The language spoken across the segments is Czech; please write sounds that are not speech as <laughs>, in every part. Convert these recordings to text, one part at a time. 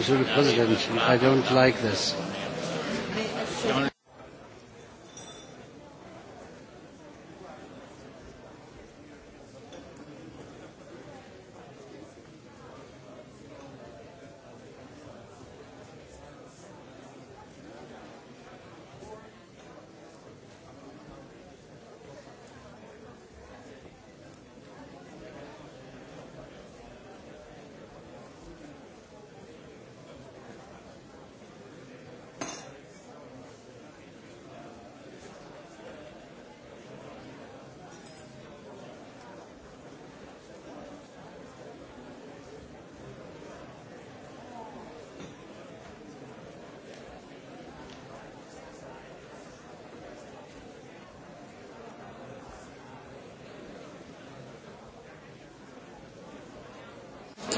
Monsieur le President, I don't like this.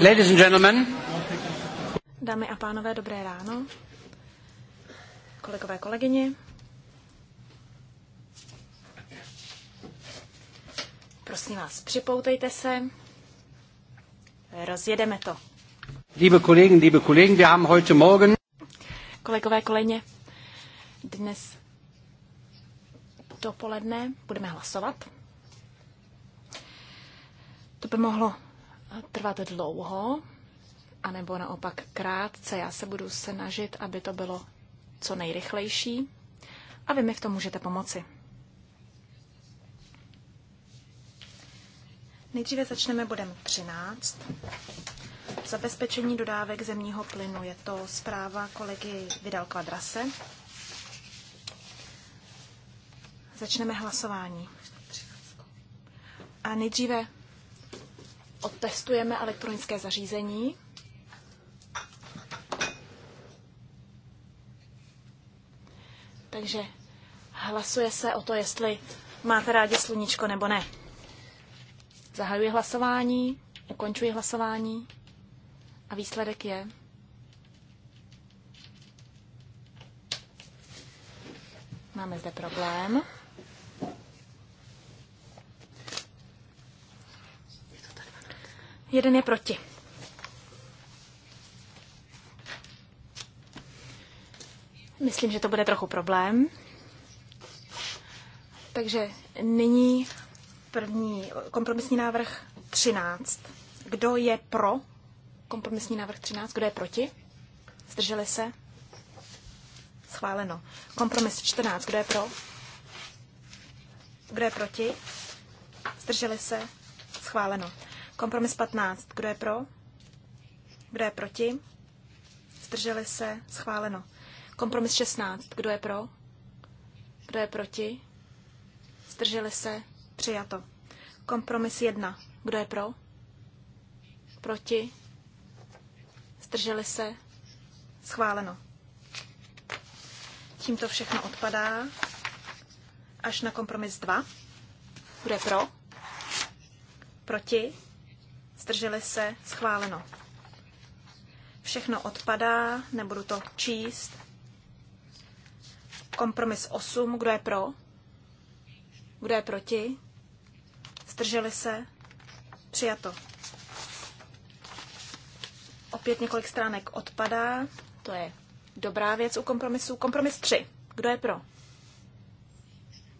Ladies and gentlemen. Dámy a pánové, dobré ráno. Kolegové, kolegyně. Prosím vás, připoutejte se. Rozjedeme to. Liebe Kollegen, liebe Kollegen, wir haben heute Morgen. Kolegové, kolegyně, dnes dopoledne budeme hlasovat. To by mohlo trvat dlouho, anebo naopak krátce. Já se budu snažit, aby to bylo co nejrychlejší a vy mi v tom můžete pomoci. Nejdříve začneme bodem 13. Zabezpečení dodávek zemního plynu. Je to zpráva kolegy Vidal Kvadrase. Začneme hlasování. A nejdříve Otestujeme elektronické zařízení. Takže hlasuje se o to, jestli máte rádi sluníčko nebo ne. Zahajuji hlasování, ukončuji hlasování a výsledek je. Máme zde problém. Jeden je proti. Myslím, že to bude trochu problém. Takže nyní první kompromisní návrh 13. Kdo je pro kompromisní návrh 13? Kdo je proti? Zdrželi se? Schváleno. Kompromis 14. Kdo je pro? Kdo je proti? Zdrželi se? Schváleno. Kompromis 15. Kdo je pro? Kdo je proti? Zdrželi se? Schváleno. Kompromis 16. Kdo je pro? Kdo je proti? Zdrželi se? Přijato. Kompromis 1. Kdo je pro? Proti? Zdrželi se? Schváleno. Tímto všechno odpadá až na kompromis 2. Kdo je pro? Proti? zdrželi se, schváleno. Všechno odpadá, nebudu to číst. Kompromis 8, kdo je pro? Kdo je proti? Zdrželi se? Přijato. Opět několik stránek odpadá, to je dobrá věc u kompromisu. Kompromis 3, kdo je pro?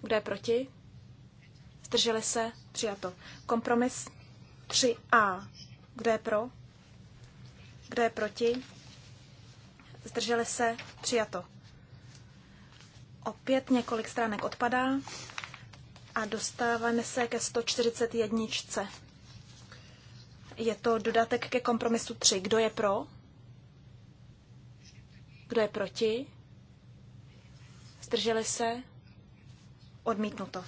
Kdo je proti? Zdrželi se? Přijato. Kompromis 3a. Kdo je pro? Kdo je proti? Zdrželi se? Přijato. Opět několik stránek odpadá a dostáváme se ke 141. Je to dodatek ke kompromisu 3. Kdo je pro? Kdo je proti? Zdrželi se? Odmítnuto.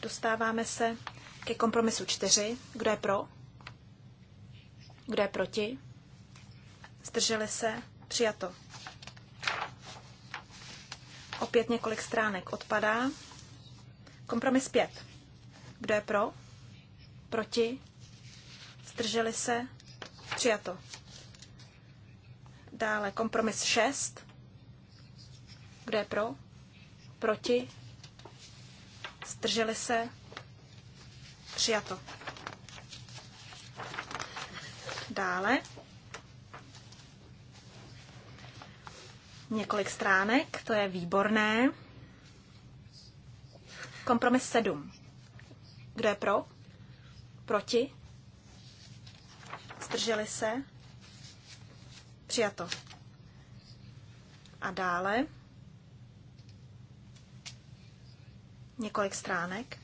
Dostáváme se ke kompromisu 4. Kdo je pro? Kdo je proti? Zdrželi se? Přijato. Opět několik stránek odpadá. Kompromis 5. Kdo je pro? Proti? Zdrželi se? Přijato. Dále kompromis 6. Kdo je pro? Proti? Zdrželi se? Přijato. Dále několik stránek, to je výborné. Kompromis 7. Kdo je pro? Proti? Zdrželi se? Přijato. A dále několik stránek.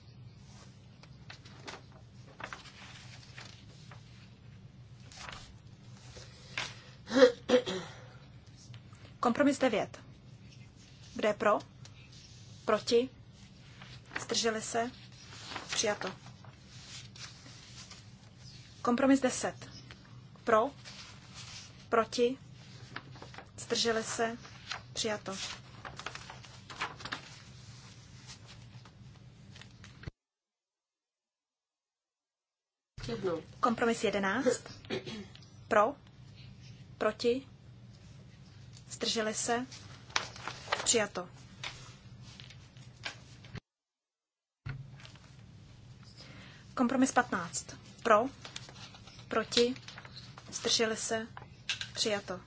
Kompromis 9. Kde je pro? Proti? Zdrželi se? Přijato. Kompromis 10. Pro? Proti? Zdrželi se? Přijato. Kompromis 11. Pro? Proti? Zdrželi se? Přijato. Kompromis 15. Pro? Proti? Zdrželi se? Přijato.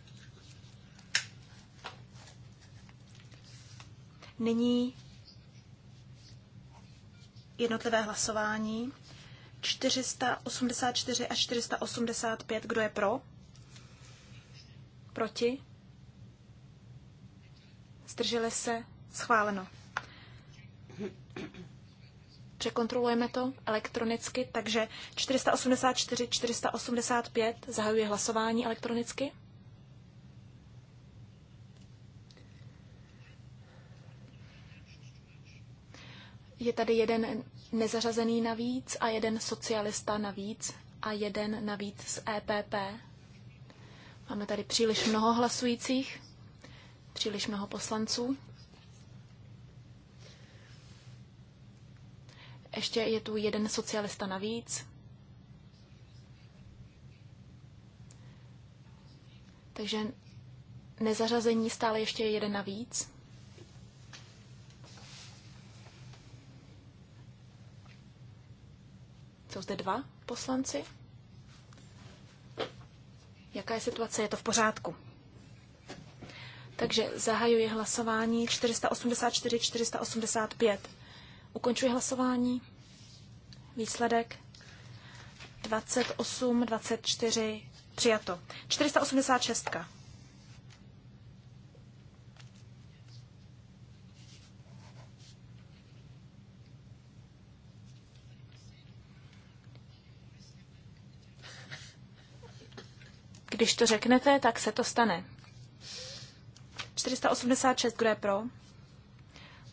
Nyní jednotlivé hlasování. 484 a 485, kdo je pro? Proti? Zdrželi se? Schváleno. Překontrolujeme to elektronicky, takže 484, 485 zahajuje hlasování elektronicky. Je tady jeden nezařazený navíc a jeden socialista navíc a jeden navíc z EPP. Máme tady příliš mnoho hlasujících, příliš mnoho poslanců. Ještě je tu jeden socialista navíc. Takže nezařazení stále ještě jeden navíc. Jsou zde dva poslanci. Jaká je situace? Je to v pořádku. Takže zahajuji hlasování 484, 485. Ukončuji hlasování. Výsledek 28, 24, přijato. 486. Když to řeknete, tak se to stane. 486, kdo je pro?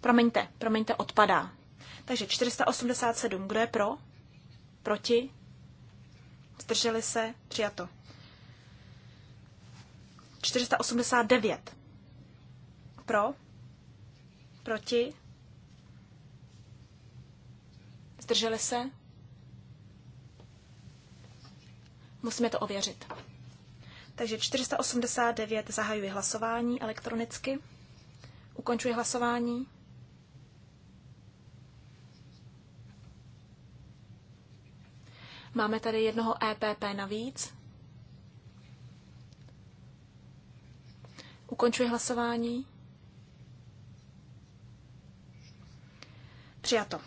Promiňte, promiňte, odpadá. Takže 487, kdo je pro? Proti? Zdrželi se? Přijato. 489. Pro? Proti? Zdrželi se? Musíme to ověřit. Takže 489 zahajuji hlasování elektronicky. Ukončuji hlasování. Máme tady jednoho EPP navíc. Ukončuji hlasování. Přijato.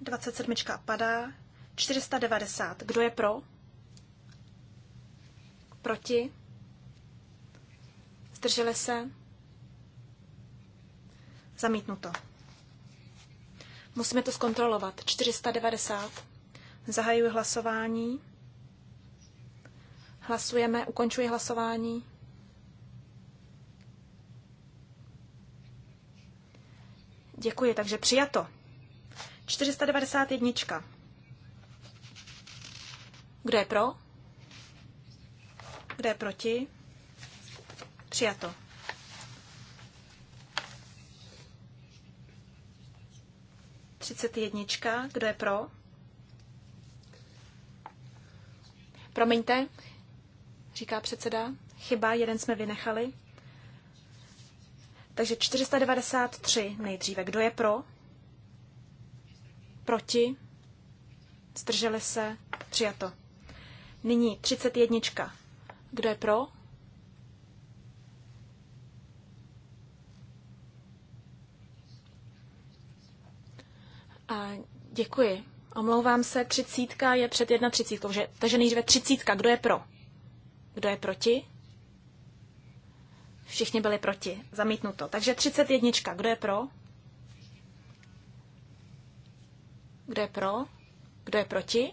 27. padá. 490. Kdo je pro? Proti? Zdrželi se? Zamítnuto. Musíme to zkontrolovat. 490. Zahajuji hlasování. Hlasujeme, ukončuji hlasování. Děkuji, takže přijato. 491. Kdo je pro? Kdo je proti? Přijato. Třicet jednička. Kdo je pro? Promiňte, říká předseda. Chyba, jeden jsme vynechali. Takže 493 nejdříve. Kdo je pro? Proti? Zdrželi se? Přijato. Nyní 31. Kdo je pro? A děkuji. Omlouvám se, třicítka je před jedna třicítkou, že, takže nejdříve třicítka. Kdo je pro? Kdo je proti? Všichni byli proti. Zamítnuto. Takže jednička. Kdo je pro? Kdo je pro? Kdo je proti?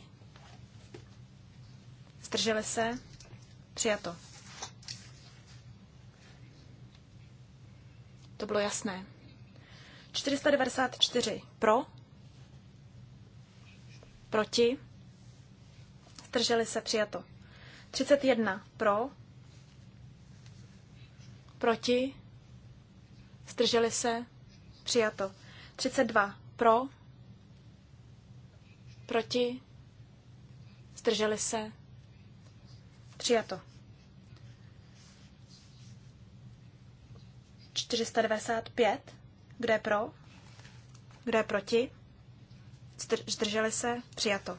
Zdrželi se? Přijato. To bylo jasné. 494 pro, proti, zdrželi se přijato. 31 pro, proti, zdrželi se přijato. 32 pro, proti, zdrželi se přijato. 495. Kdo je pro? Kdo je proti? Zdrželi se? Přijato.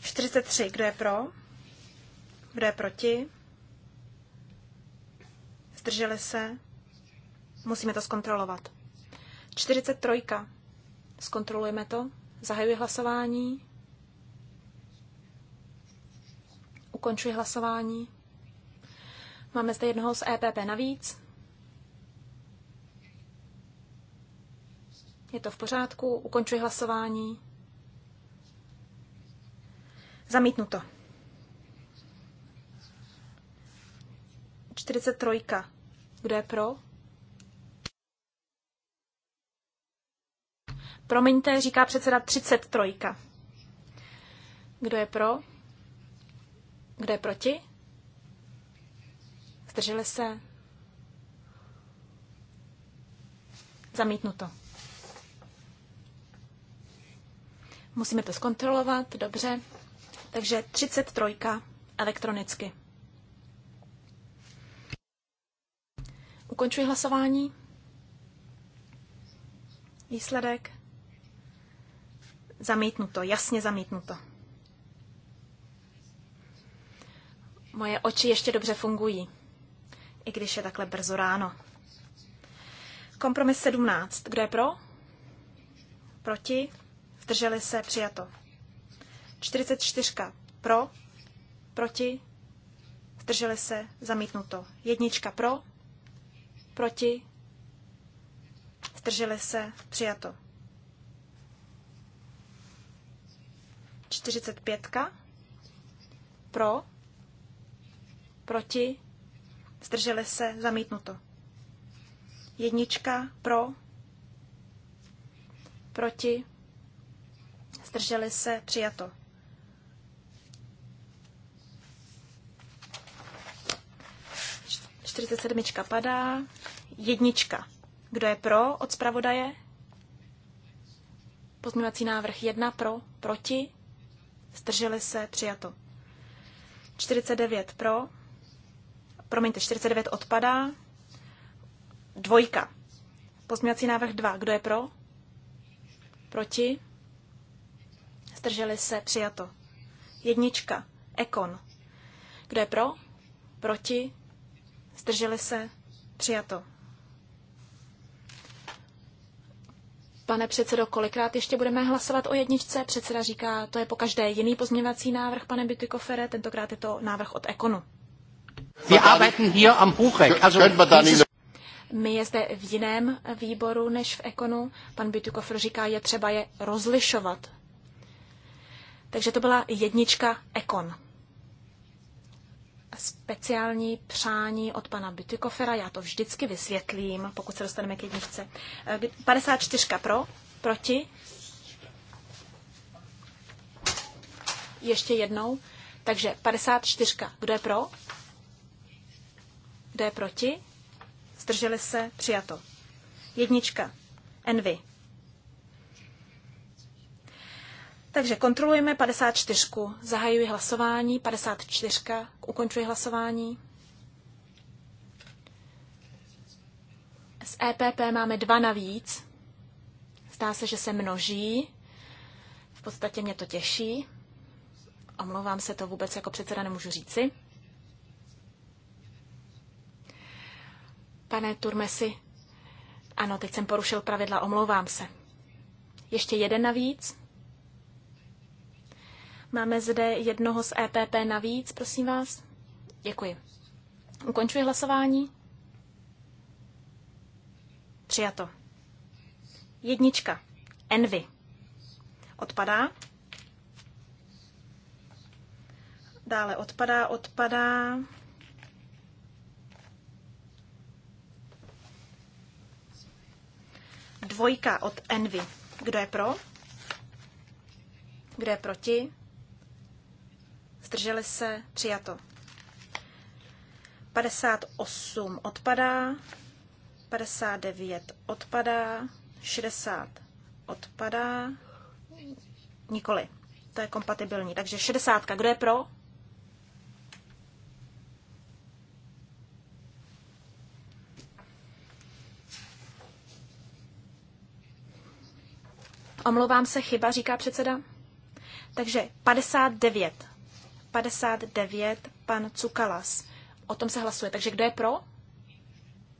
43. Kdo je pro? Kdo je proti? Zdrželi se? Musíme to zkontrolovat. 43. Zkontrolujeme to. Zahajuji hlasování. Ukončuji hlasování. Máme zde jednoho z EPP navíc. Je to v pořádku, ukončuji hlasování. Zamítnuto. 43. Kdo je pro? Promiňte, říká předseda 33. Kdo je pro? Kdo je proti? Zdrželi se? Zamítnuto. Musíme to zkontrolovat, dobře. Takže 33 elektronicky. Ukončuji hlasování. Výsledek. Zamítnuto, jasně zamítnuto. Moje oči ještě dobře fungují i když je takhle brzo ráno. Kompromis 17. Kdo je pro? Proti? Zdrželi se? Přijato. 44. Pro? Proti? Zdrželi se? Zamítnuto. Jednička pro? Proti? Zdrželi se? Přijato. 45. Pro? Proti? zdrželi se, zamítnuto. Jednička pro, proti, zdrželi se, přijato. Čtyřicet sedmička padá, jednička. Kdo je pro od zpravodaje? Pozměňovací návrh jedna pro, proti, zdrželi se, přijato. 49 pro, promiňte, 49 odpadá. Dvojka. Pozměňovací návrh 2. Kdo je pro? Proti? Zdrželi se, přijato. Jednička. Ekon. Kdo je pro? Proti? Zdrželi se? Přijato. Pane předsedo, kolikrát ještě budeme hlasovat o jedničce? Předseda říká, to je po každé jiný pozměňovací návrh, pane Bytykofere, tentokrát je to návrh od Ekonu. Wir arbeiten hier am Also, my je zde v jiném výboru než v Ekonu. Pan Bytukofr říká, je třeba je rozlišovat. Takže to byla jednička Ekon. Speciální přání od pana Bytukofera, já to vždycky vysvětlím, pokud se dostaneme k jedničce. 54 eh, pro, proti. Ještě jednou. Takže 54. Kdo je pro? Kdo je proti? Zdrželi se? Přijato. Jednička. Envy. Takže kontrolujeme 54. Zahajuji hlasování. 54. Ukončuji hlasování. Z EPP máme dva navíc. Zdá se, že se množí. V podstatě mě to těší. Omlouvám se, to vůbec jako předseda nemůžu říci. Pane Turmesi, ano, teď jsem porušil pravidla, omlouvám se. Ještě jeden navíc. Máme zde jednoho z EPP navíc, prosím vás. Děkuji. Ukončuji hlasování. Přijato. Jednička. Envy. Odpadá. Dále odpadá, odpadá. dvojka od Envy. Kdo je pro? Kdo je proti? Zdrželi se? Přijato. 58 odpadá, 59 odpadá, 60 odpadá, nikoli. To je kompatibilní. Takže 60. Kdo je pro? Omlouvám se, chyba, říká předseda. Takže 59. 59, pan Cukalas. O tom se hlasuje. Takže kdo je pro?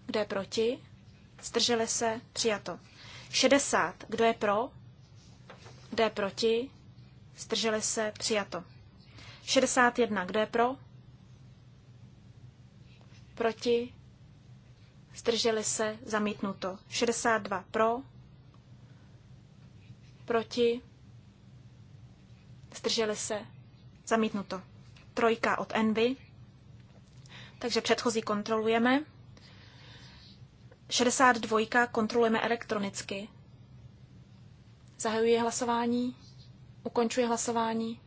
Kdo je proti? Zdrželi se? Přijato. 60. Kdo je pro? Kdo je proti? Zdrželi se? Přijato. 61. Kdo je pro? Proti? Zdrželi se? Zamítnuto. 62. Pro? proti, zdrželi se, zamítnuto. Trojka od Envy, takže předchozí kontrolujeme. 62 kontrolujeme elektronicky. Zahajuji hlasování, ukončuji hlasování.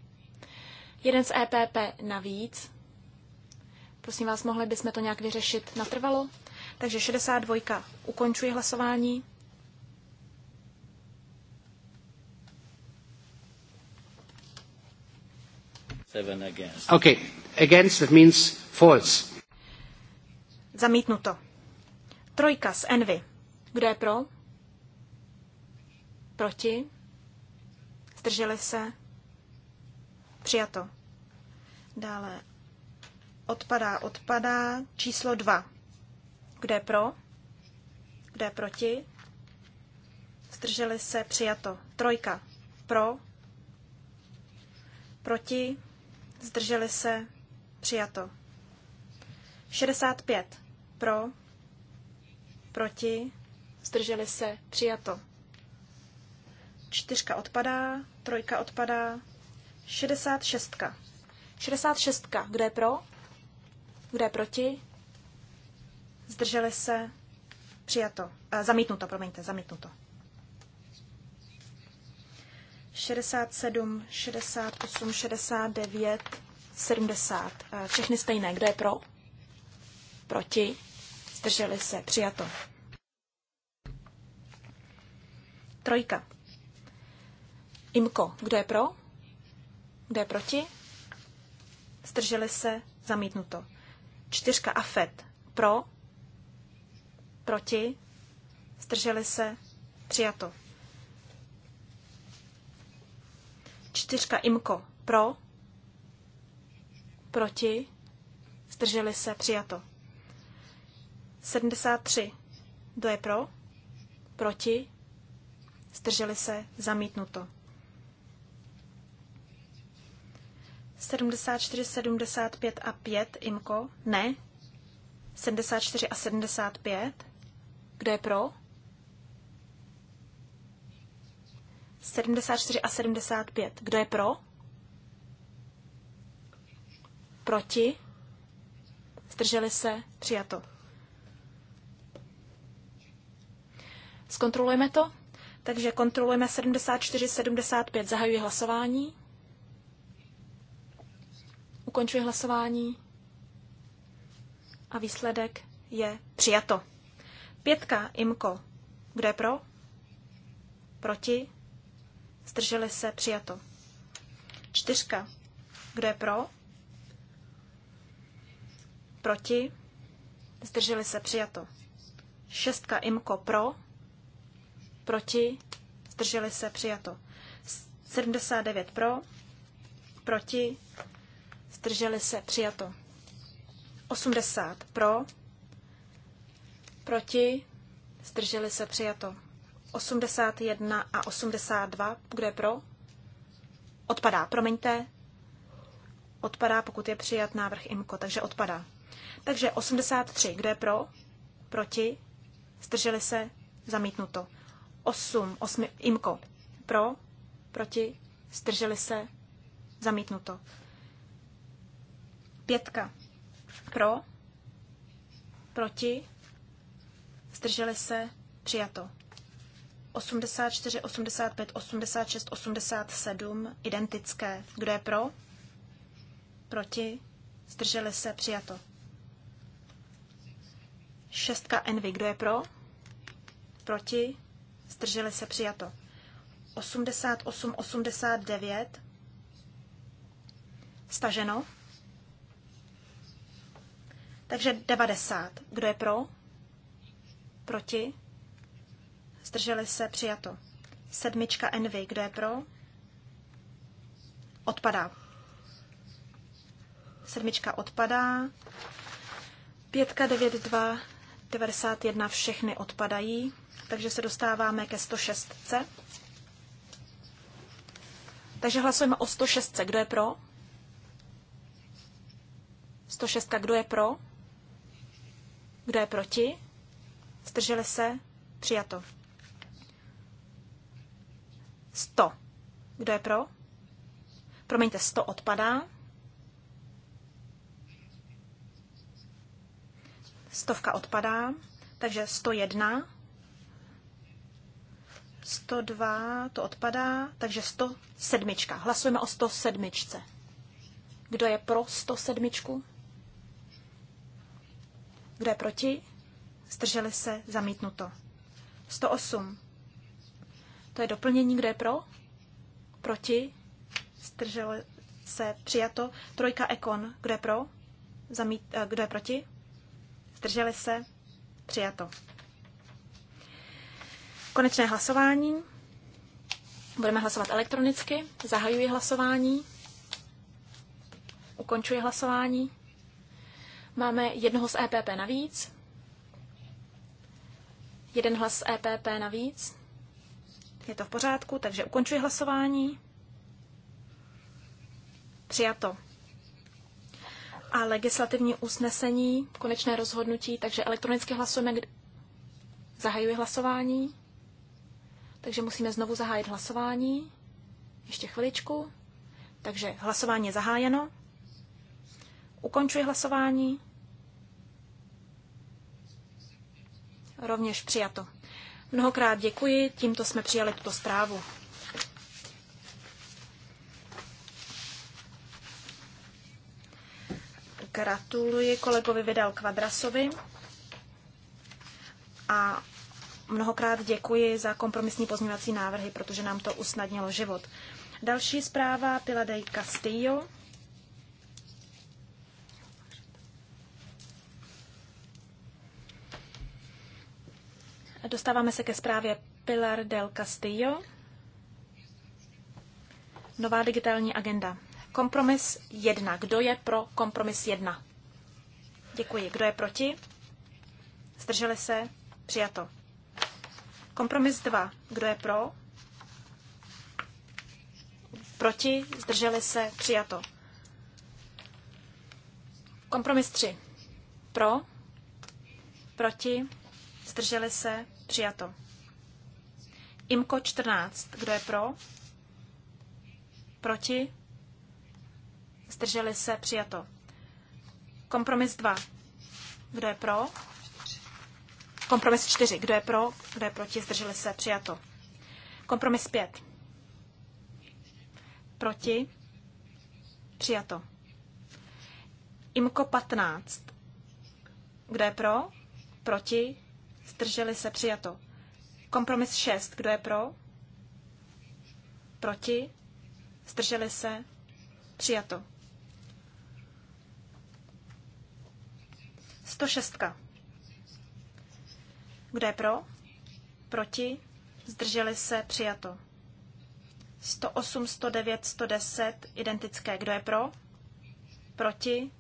Jeden z EPP navíc. Prosím vás, mohli bychom to nějak vyřešit natrvalo. Takže 62. Ukončuji hlasování. Seven against. Okay. Against, that means false. Zamítnuto. Trojka z Envy. Kdo je pro? Proti? Zdrželi se? Přijato. Dále. Odpadá, odpadá. Číslo dva. Kdo je pro? Kdo je proti? Zdrželi se? Přijato. Trojka. Pro? Proti? zdrželi se, přijato. 65 pro, proti, zdrželi se, přijato. Čtyřka odpadá, trojka odpadá, 66. 66. Kdo je pro? Kdo je proti? Zdrželi se? Přijato. Eh, zamítnuto, promiňte, zamítnuto. 67, 68, 69, 70. Všechny stejné. Kdo je pro? Proti? Zdrželi se. Přijato. Trojka. Imko. Kdo je pro? Kdo je proti? Zdrželi se. Zamítnuto. Čtyřka. Afet. Pro? Proti? Zdrželi se. Přijato. Čtyřka imko pro, proti, zdrželi se, přijato. 73. Kdo je pro? Proti? Zdrželi se, zamítnuto. 74, 75 a 5, Imko? Ne. 74 a 75. Kdo je pro? 74 a 75. Kdo je pro? Proti? Zdrželi se? Přijato. Zkontrolujeme to? Takže kontrolujeme 74, 75. Zahajuji hlasování. Ukončuji hlasování. A výsledek je přijato. Pětka, Imko. Kdo je pro? Proti? Zdrželi se? Přijato. Čtyřka. Kdo je pro? Proti? Zdrželi se? Přijato. Šestka. Imko. Pro? Proti? Zdrželi se? Přijato. 79 pro, proti, zdrželi se, přijato. 80 pro, proti, zdrželi se, přijato. 81 a 82, kdo je pro? Odpadá, promiňte. Odpadá, pokud je přijat návrh IMKO, takže odpadá. Takže 83, kdo je pro? Proti? Zdrželi se? Zamítnuto. 8, 8 IMKO. Pro? Proti? Zdrželi se? Zamítnuto. Pětka. Pro? Proti? Zdrželi se? Přijato. 84, 85, 86, 87 identické. Kdo je pro? Proti? Zdrželi se? Přijato. Šestka Envy. Kdo je pro? Proti? Zdrželi se? Přijato. 88, 89. Staženo. Takže 90. Kdo je pro? Proti? Zdrželi se přijato. Sedmička Envy, kdo je pro? Odpadá. Sedmička odpadá. Pětka, devět, dva, jedna všechny odpadají, takže se dostáváme ke 106. Takže hlasujeme o 106. Kdo je pro? 106. Kdo je pro? Kdo je proti? Zdrželi se? Přijato. 100. Kdo je pro? Promiňte, 100 odpadá. 100 odpadá, takže 101. 102 to odpadá, takže 107. Hlasujeme o 107. Kdo je pro 107? Kdo je proti? Zdrželi se, zamítnuto. 108. To je doplnění, kde je pro, proti, zdrželo se, přijato. Trojka Ekon, kde je pro, zamít, eh, kde je proti, zdrželi se, přijato. Konečné hlasování. Budeme hlasovat elektronicky. Zahajuji hlasování. Ukončuji hlasování. Máme jednoho z EPP navíc. Jeden hlas z e EPP navíc. Je to v pořádku, takže ukončuji hlasování. Přijato. A legislativní usnesení, konečné rozhodnutí, takže elektronicky hlasujeme, zahajuji hlasování. Takže musíme znovu zahájit hlasování. Ještě chviličku. Takže hlasování je zahájeno. Ukončuji hlasování. Rovněž přijato. Mnohokrát děkuji, tímto jsme přijali tuto zprávu. Gratuluji kolegovi Vidal Kvadrasovi a mnohokrát děkuji za kompromisní pozměňovací návrhy, protože nám to usnadnilo život. Další zpráva Piladej Castillo. Dostáváme se ke zprávě Pilar del Castillo. Nová digitální agenda. Kompromis 1. Kdo je pro kompromis 1? Děkuji. Kdo je proti? Zdrželi se? Přijato. Kompromis 2. Kdo je pro? Proti? Zdrželi se? Přijato. Kompromis 3. Pro? Proti? Zdrželi se? Přijato. IMKO 14. Kdo je pro? Proti? Zdrželi se? Přijato. Kompromis 2. Kdo je pro? Kompromis 4. Kdo je pro? Kdo je proti? Zdrželi se? Přijato. Kompromis 5. Proti? Přijato. IMKO 15. Kdo je pro? Proti? Zdrželi se přijato. Kompromis 6. Kdo je pro? Proti? Zdrželi se? Přijato. 106. Kdo je pro? Proti? Zdrželi se? Přijato. 108, 109, 110. Identické. Kdo je pro? Proti?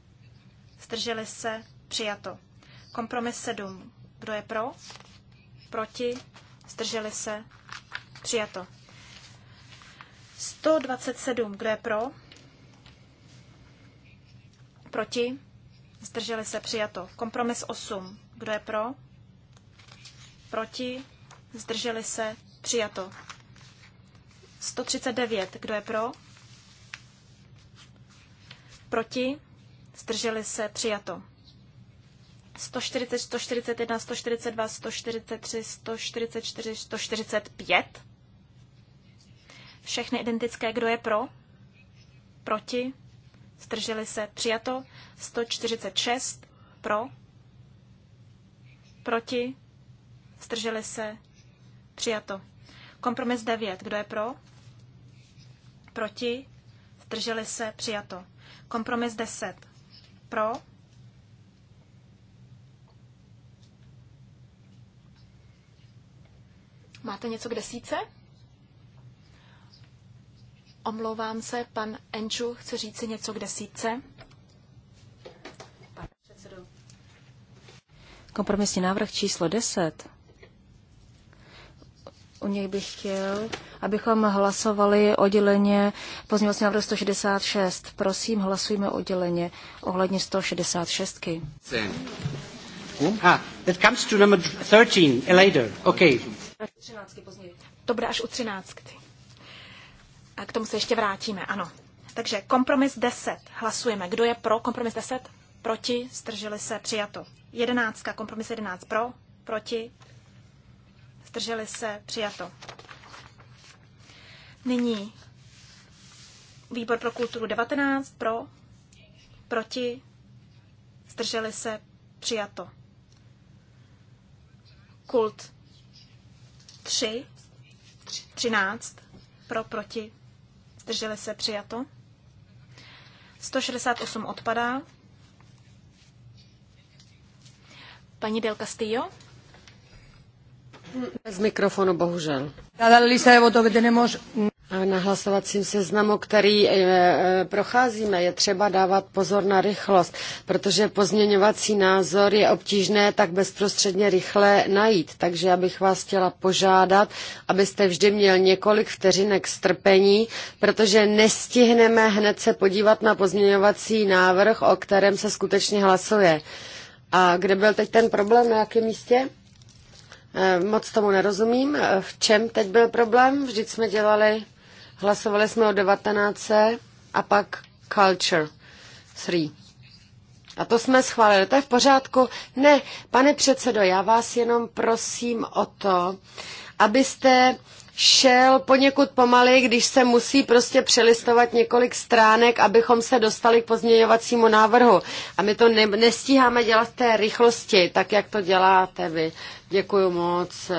Zdrželi se? Přijato. Kompromis 7. Kdo je pro? Proti? Zdrželi se? Přijato. 127. Kdo je pro? Proti? Zdrželi se? Přijato. Kompromis 8. Kdo je pro? Proti? Zdrželi se? Přijato. 139. Kdo je pro? Proti? Zdrželi se? Přijato. 140, 141, 142, 143, 144, 145. Všechny identické, kdo je pro, proti, zdrželi se, přijato, 146, pro, proti, zdrželi se, přijato. Kompromis 9, kdo je pro, proti, zdrželi se, přijato. Kompromis 10, pro, Máte něco k desíce? Omlouvám se, pan Enču chce říci něco k desíce. Pane předsedo. Kompromisní návrh číslo 10. U něj bych chtěl, abychom hlasovali odděleně pozměňovací návrh 166. Prosím, hlasujme odděleně ohledně 166. Hm? Ah, that comes to number 13 later. Okay třináctky později. To bude až u třináctky. A k tomu se ještě vrátíme, ano. Takže kompromis 10. Hlasujeme. Kdo je pro kompromis 10? Proti? Strželi se? Přijato. Jedenáctka, Kompromis 11. Pro? Proti? Strželi se? Přijato. Nyní výbor pro kulturu 19. Pro? Proti? Strželi se? Přijato. Kult 3, 13 pro, proti, drželi se, přijato. 168 odpadá. Paní Del Castillo. Bez mikrofonu, bohužel. Cada lista de votos que tenemos na hlasovacím seznamu, který eh, eh, procházíme, je třeba dávat pozor na rychlost, protože pozměňovací názor je obtížné tak bezprostředně rychle najít. Takže já bych vás chtěla požádat, abyste vždy měl několik vteřinek strpení, protože nestihneme hned se podívat na pozměňovací návrh, o kterém se skutečně hlasuje. A kde byl teď ten problém, na jakém místě? Eh, moc tomu nerozumím. V čem teď byl problém? Vždyť jsme dělali Hlasovali jsme o 19 a pak Culture 3. A to jsme schválili. To je v pořádku? Ne, pane předsedo, já vás jenom prosím o to, abyste šel poněkud pomalej, když se musí prostě přelistovat několik stránek, abychom se dostali k pozměňovacímu návrhu. A my to ne- nestíháme dělat v té rychlosti, tak jak to děláte vy. Děkuji moc.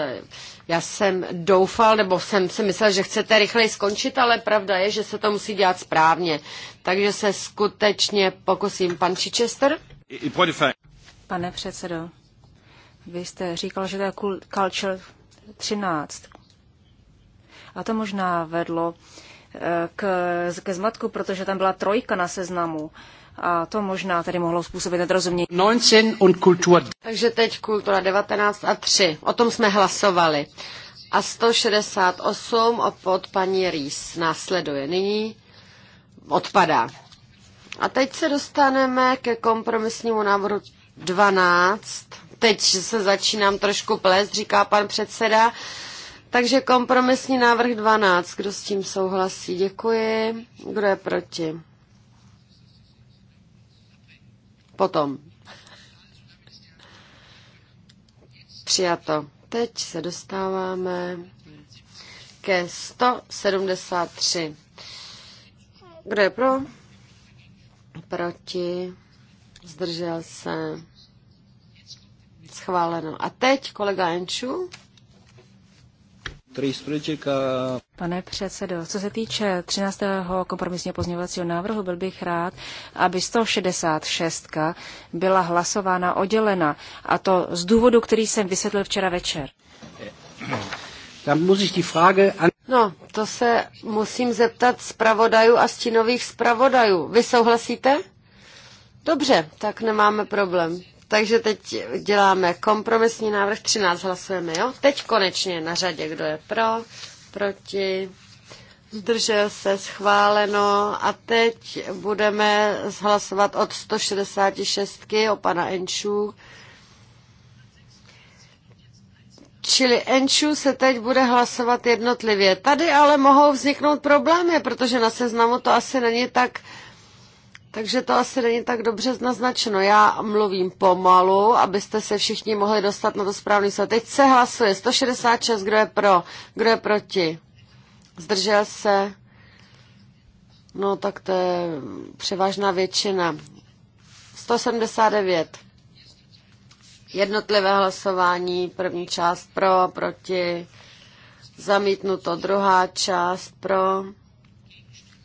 Já jsem doufal, nebo jsem si myslel, že chcete rychleji skončit, ale pravda je, že se to musí dělat správně. Takže se skutečně pokusím. Pan Chichester? Pane předsedo, vy jste říkal, že to je Culture 13. A to možná vedlo eh, k, ke zmatku, protože tam byla trojka na seznamu. Uh, a to možná tedy mohlo způsobit nedorozumění. Takže teď kultura 19 a 3. O tom jsme hlasovali. A 168 od paní Rýs následuje. Nyní odpadá. A teď se dostaneme ke kompromisnímu návrhu 12. Teď se začínám trošku plést, říká pan předseda. Takže kompromisní návrh 12. Kdo s tím souhlasí? Děkuji. Kdo je proti? Potom. Přijato. Teď se dostáváme ke 173. Kdo je pro? Proti? Zdržel se? Schváleno. A teď kolega Enču. Pane předsedo, co se týče 13. kompromisního pozměňovacího návrhu, byl bych rád, aby 166 byla hlasována oddělena, a to z důvodu, který jsem vysvětlil včera večer. No, to se musím zeptat zpravodajů a stínových zpravodajů. Vy souhlasíte? Dobře, tak nemáme problém. Takže teď děláme kompromisní návrh 13, hlasujeme, jo? Teď konečně na řadě, kdo je pro, proti, zdržel se, schváleno. A teď budeme hlasovat od 166 o pana Enčů. Čili Enčů se teď bude hlasovat jednotlivě. Tady ale mohou vzniknout problémy, protože na seznamu to asi není tak takže to asi není tak dobře naznačeno. Já mluvím pomalu, abyste se všichni mohli dostat na to správný slovo. Teď se hlasuje 166, kdo je pro, kdo je proti. Zdržel se. No tak to je převážná většina. 179. Jednotlivé hlasování, první část pro, proti, zamítnuto, druhá část pro,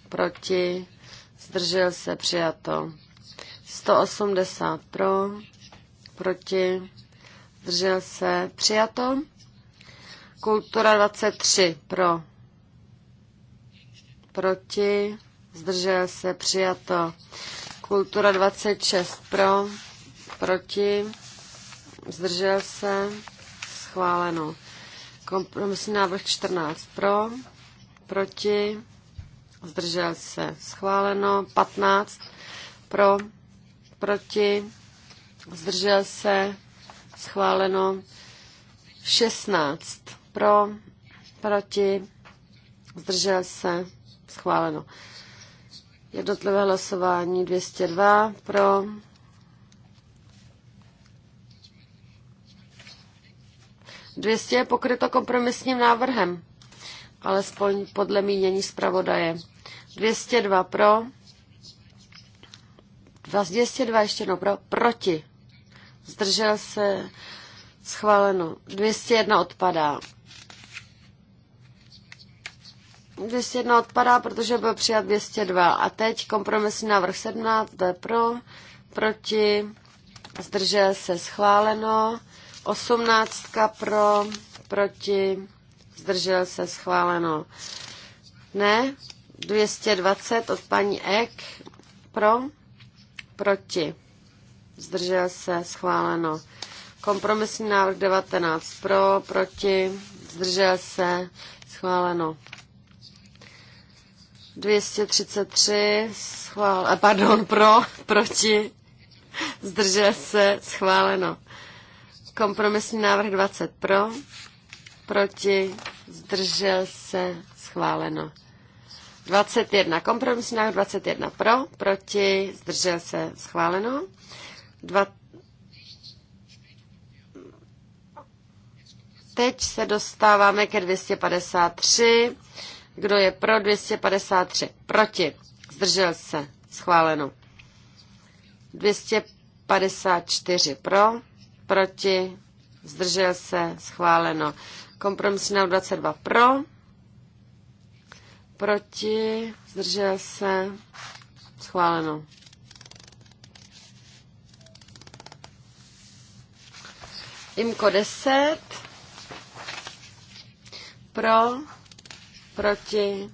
proti zdržel se, přijato. 180 pro, proti, zdržel se, přijato. Kultura 23 pro, proti, zdržel se, přijato. Kultura 26 pro, proti, zdržel se, schváleno. Kompromisní návrh 14 pro, proti, zdržel se schváleno, 15 pro, proti, zdržel se schváleno, 16 pro, proti, zdržel se schváleno. Jednotlivé hlasování 202 pro, Dvěstě je pokryto kompromisním návrhem alespoň podle mínění zpravodaje. 202 pro, 202 ještě no pro, proti. Zdržel se schváleno. 201 odpadá. 201 odpadá, protože byl přijat 202. A teď kompromisní návrh 17, to je pro, proti, zdržel se schváleno. 18 pro, proti, zdržel se, schváleno. Ne, 220 od paní Ek, pro, proti, zdržel se, schváleno. Kompromisní návrh 19, pro, proti, zdržel se, schváleno. 233, schvál, eh, pardon, pro, <laughs> proti, zdržel se, schváleno. Kompromisní návrh 20 pro, proti, zdržel se, schváleno. 21 kompromis návrh 21 pro, proti, zdržel se, schváleno. Dva... Teď se dostáváme ke 253. Kdo je pro 253? Proti. Zdržel se. Schváleno. 254 pro, proti, zdržel se, schváleno. Kompromisní návrh 22 pro. Proti. Zdržel se. Schváleno. Imko 10. Pro. Proti.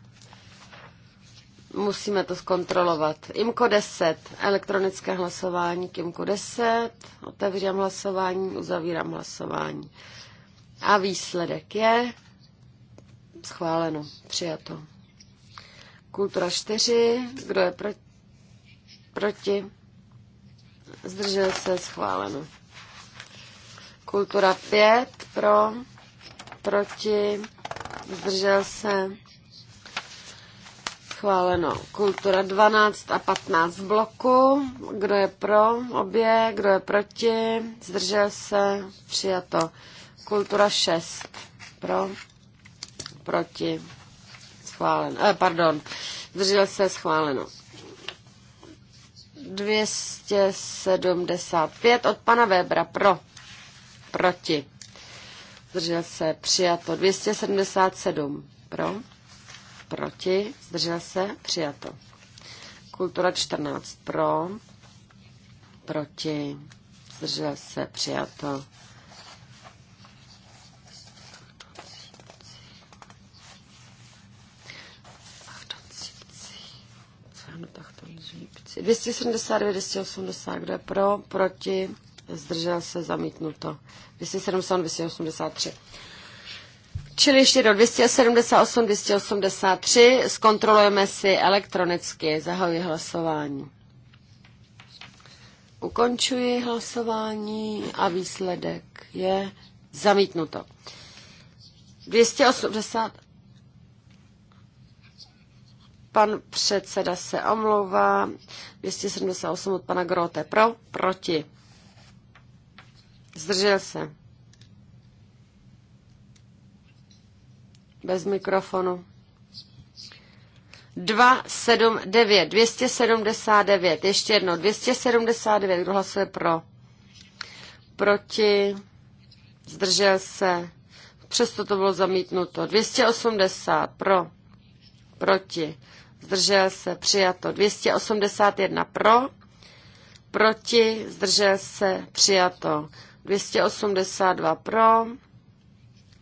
Musíme to zkontrolovat. IMKO 10, elektronické hlasování IMKO 10. Otevřím hlasování, uzavírám hlasování. A výsledek je schváleno, přijato. Kultura 4, kdo je pro, proti, zdržel se, schváleno. Kultura 5, pro, proti, zdržel se, schváleno. Kultura 12 a 15 v bloku, kdo je pro obě, kdo je proti, zdržel se, přijato. Kultura 6. Pro. Proti. Schválen. Eh, pardon. držel se schváleno. 275 od pana Webra. Pro. Proti. Zdržel se přijato. 277. Pro. Proti. Zdržel se přijato. Kultura 14. Pro. Proti. Zdržel se přijato. 279, 280, kdo je pro, proti, zdržel se, zamítnuto. 270, 283. Čili ještě do 278, 283, zkontrolujeme si elektronicky, zahajuji hlasování. Ukončuji hlasování a výsledek je zamítnuto. 280, Pan předseda se omlouvá. 278 od pana Grote. Pro? Proti. Zdržel se. Bez mikrofonu. 279, 279, ještě jedno, 279, kdo hlasuje pro? Proti, zdržel se, přesto to bylo zamítnuto, 280 pro, proti, zdržel se, přijato. 281 pro, proti, zdržel se, přijato. 282 pro,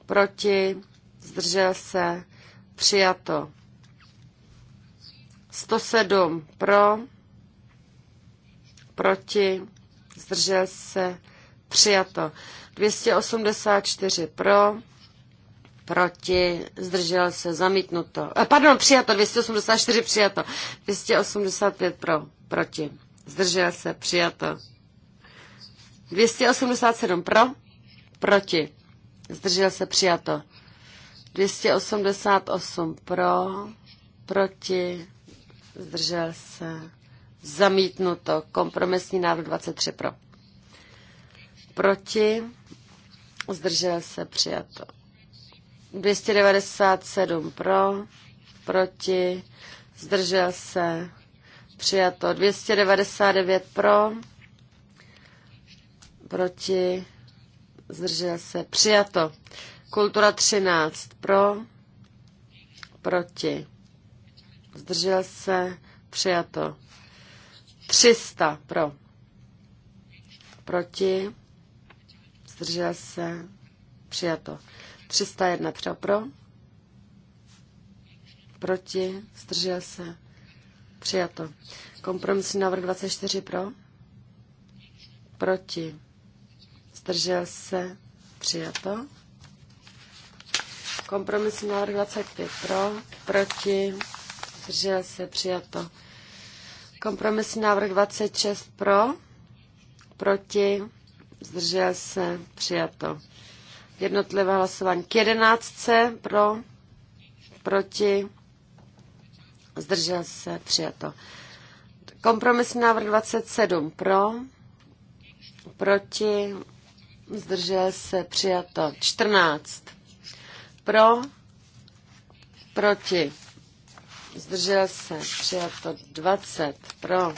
proti, zdržel se, přijato. 107 pro, proti, zdržel se, přijato. 284 pro, proti, zdržel se, zamítnuto. Eh, pardon, přijato, 284 přijato, 285 pro, proti, zdržel se, přijato. 287 pro, proti, zdržel se, přijato. 288 pro, proti, zdržel se, zamítnuto. Kompromisní návrh 23 pro. Proti, zdržel se, přijato. 297 pro, proti, zdržel se, přijato. 299 pro, proti, zdržel se, přijato. Kultura 13 pro, proti, zdržel se, přijato. 300 pro, proti, zdržel se, přijato. 301 třeba pro, proti, zdržel se, přijato. Kompromisní návrh 24 pro, proti, zdržel se, přijato. Kompromisní návrh 25 pro, proti, zdržel se, přijato. Kompromisní návrh 26 pro, proti, zdržel se, přijato. Jednotlivé hlasování k jedenáctce pro, proti, zdržel se, přijato. Kompromis návrh 27 pro, proti, zdržel se, přijato. 14 pro, proti, zdržel se, přijato. 20 pro,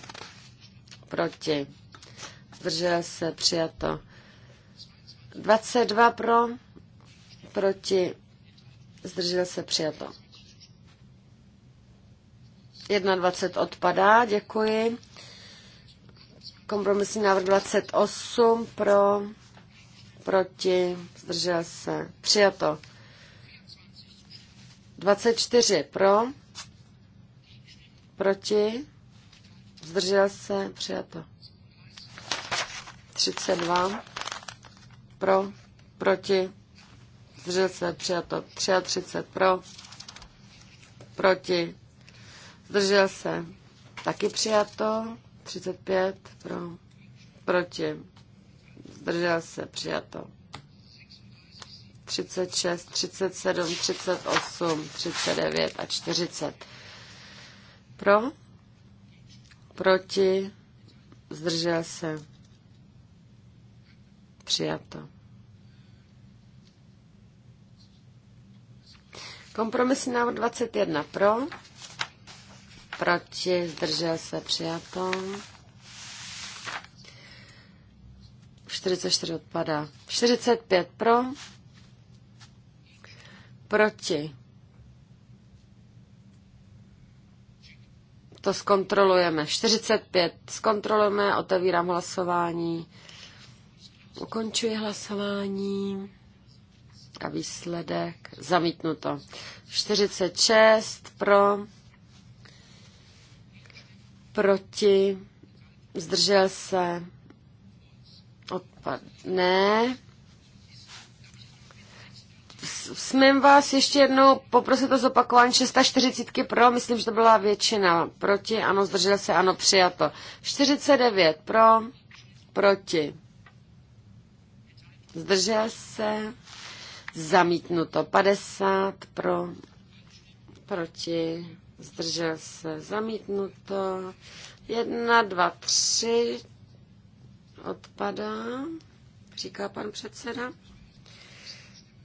proti, zdržel se, přijato. 22 pro, proti, zdržel se přijato. 21 odpadá, děkuji. Kompromisní návrh 28 pro, proti, zdržel se, přijato. 24 pro, proti, zdržel se, přijato. 32 pro, proti, zdržel se, přijato 33 pro, proti, zdržel se, taky přijato 35 pro, proti, zdržel se, přijato 36, 37, 38, 39 a 40. Pro, proti, zdržel se. Přijato. Kompromisní návrh 21 pro, proti, zdržel se, přijato. 44 odpadá. 45 pro, proti. To zkontrolujeme. 45 zkontrolujeme, otevírám hlasování. Ukončuji hlasování a výsledek zamítnuto. 46 pro, proti, zdržel se, odpadne. Smím vás ještě jednou poprosit o zopakování 640 pro, myslím, že to byla většina. Proti, ano, zdržel se, ano, přijato. 49 pro, proti zdržel se, zamítnuto 50 pro, proti, zdržel se, zamítnuto 1, 2, 3, odpadá, říká pan předseda.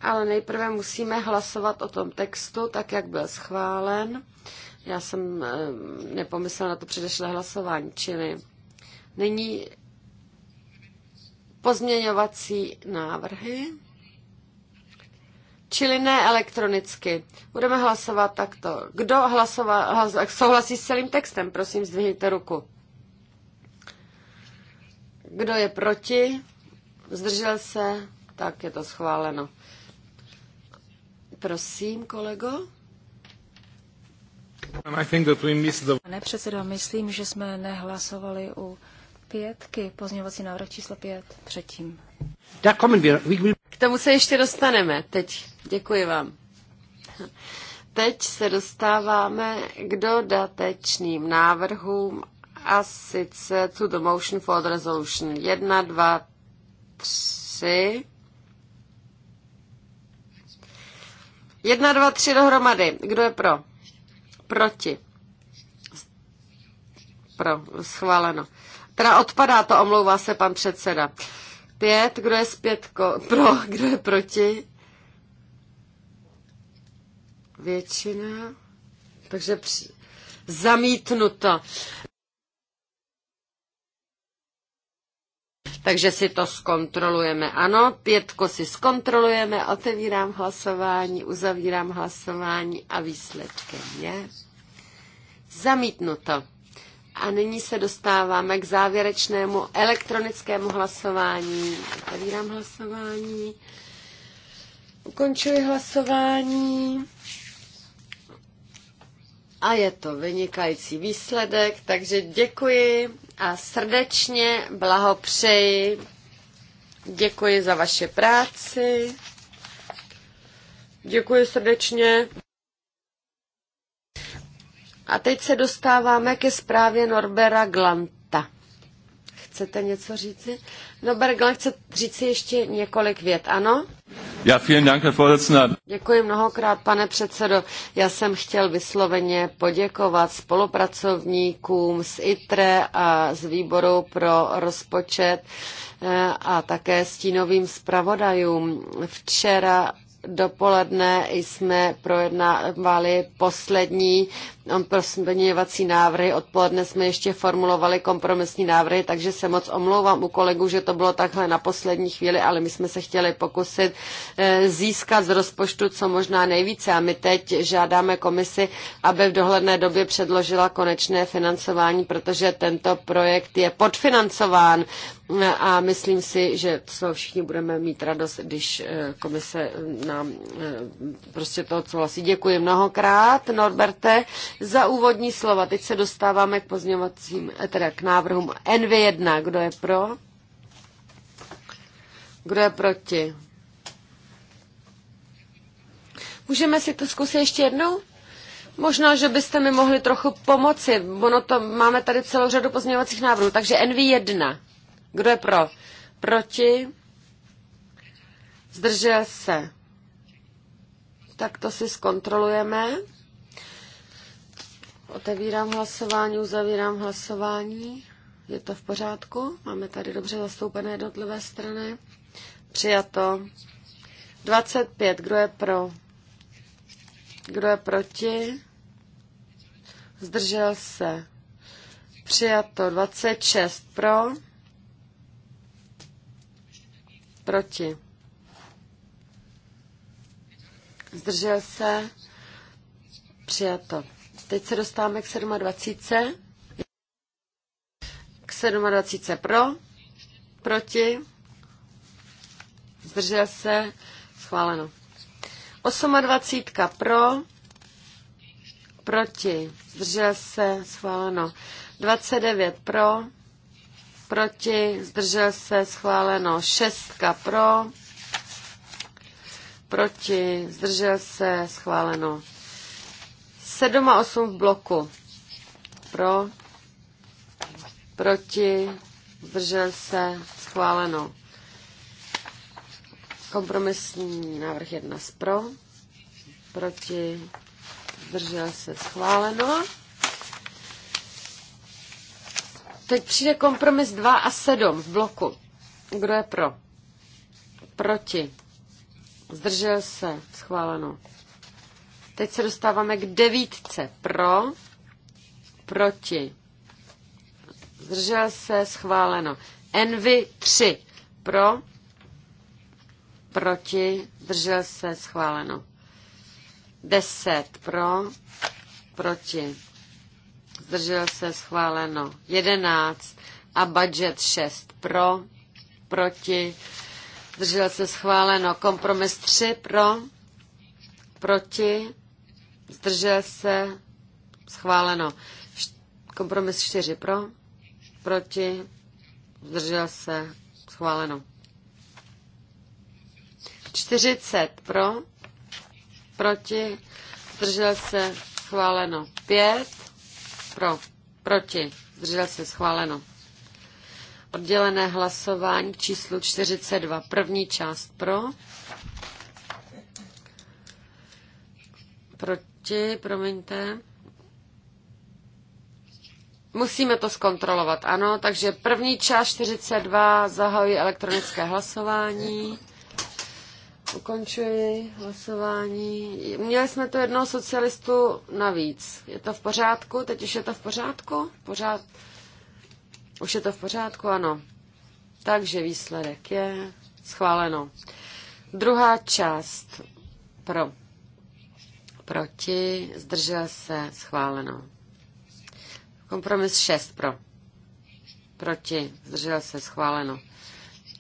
Ale nejprve musíme hlasovat o tom textu, tak jak byl schválen. Já jsem eh, nepomyslela na to předešlé hlasování, čili nyní pozměňovací návrhy, čili ne elektronicky. Budeme hlasovat takto. Kdo hlasová, hlas, souhlasí s celým textem, prosím, zdvihněte ruku. Kdo je proti? Zdržel se? Tak je to schváleno. Prosím, kolego. Pane předsedo, myslím, že jsme nehlasovali u pětky, pozměňovací návrh číslo pět předtím. K tomu se ještě dostaneme teď. Děkuji vám. Teď se dostáváme k dodatečným návrhům a sice to the motion for the resolution Jedna, dva, tři. Jedna, dva, tři dohromady. Kdo je pro? Proti. Pro. Schváleno. Teda odpadá to, omlouvá se pan předseda. Pět, kdo je zpětko? Pro, <laughs> kdo je proti? Většina. Takže při... zamítnuto. Takže si to zkontrolujeme. Ano, pětko si zkontrolujeme, otevírám hlasování, uzavírám hlasování a výsledkem je zamítnuto. A nyní se dostáváme k závěrečnému elektronickému hlasování. Otevírám hlasování. Ukončuji hlasování. A je to vynikající výsledek, takže děkuji a srdečně blahopřeji. Děkuji za vaše práci. Děkuji srdečně. A teď se dostáváme ke zprávě Norbera Glanta. Chcete něco říci? Norbert Glant chce říci ještě několik vět, ano? Ja, vielen Dank, Herr Vorsitzender. Děkuji mnohokrát, pane předsedo. Já jsem chtěl vysloveně poděkovat spolupracovníkům z ITRE a z výboru pro rozpočet eh, a také stínovým zpravodajům. Včera dopoledne jsme projednávali poslední pozměňovací návrhy. Odpoledne jsme ještě formulovali kompromisní návrhy, takže se moc omlouvám u kolegů, že to bylo takhle na poslední chvíli, ale my jsme se chtěli pokusit eh, získat z rozpočtu co možná nejvíce a my teď žádáme komisi, aby v dohledné době předložila konečné financování, protože tento projekt je podfinancován a myslím si, že co všichni budeme mít radost, když eh, komise eh, nám prostě to odsouhlasí. Děkuji mnohokrát, Norberte za úvodní slova. Teď se dostáváme k pozměňovacím, eh, teda k návrhům NV1. Kdo je pro? Kdo je proti? Můžeme si to zkusit ještě jednou? Možná, že byste mi mohli trochu pomoci. Ono to, máme tady celou řadu pozměňovacích návrhů. Takže NV1. Kdo je pro? Proti? Zdržel se. Tak to si zkontrolujeme. Otevírám hlasování, uzavírám hlasování. Je to v pořádku? Máme tady dobře zastoupené jednotlivé strany. Přijato. 25. Kdo je pro? Kdo je proti? Zdržel se. Přijato. 26. Pro? Proti. Zdržel se. Přijato. Teď se dostáváme k 27. K 27. pro, proti, zdržel se, schváleno. 28. pro, proti, zdržel se, schváleno. 29 pro, proti, zdržel se, schváleno. 6 pro, proti, zdržel se, schváleno. 7 a 8 v bloku. Pro, proti, zdržel se, schváleno. Kompromisní návrh 1 z pro, proti, zdržel se, schváleno. Teď přijde kompromis 2 a 7 v bloku. Kdo je pro? Proti. Zdržel se. Schváleno. Teď se dostáváme k devítce. Pro, proti. Zdržel se, schváleno. Envy 3. Pro, proti, zdržel se, schváleno. 10 pro, proti, zdržel se, schváleno. 11 a budget 6 pro, proti, zdržel se, schváleno. Kompromis 3 pro, proti, zdržel se, schváleno. Kompromis 4 pro, proti, zdržel se, schváleno. 40 pro, proti, zdržel se, schváleno. 5 pro, proti, zdržel se, schváleno. Oddělené hlasování k číslu 42. První část pro, pro proti, promiňte. Musíme to zkontrolovat, ano. Takže první část 42 zahajuji elektronické hlasování. Ukončuji hlasování. Měli jsme to jednoho socialistu navíc. Je to v pořádku? Teď už je to v pořádku? Pořád... Už je to v pořádku, ano. Takže výsledek je schváleno. Druhá část pro proti, zdržel se, schváleno. Kompromis 6 pro, proti, zdržel se, schváleno.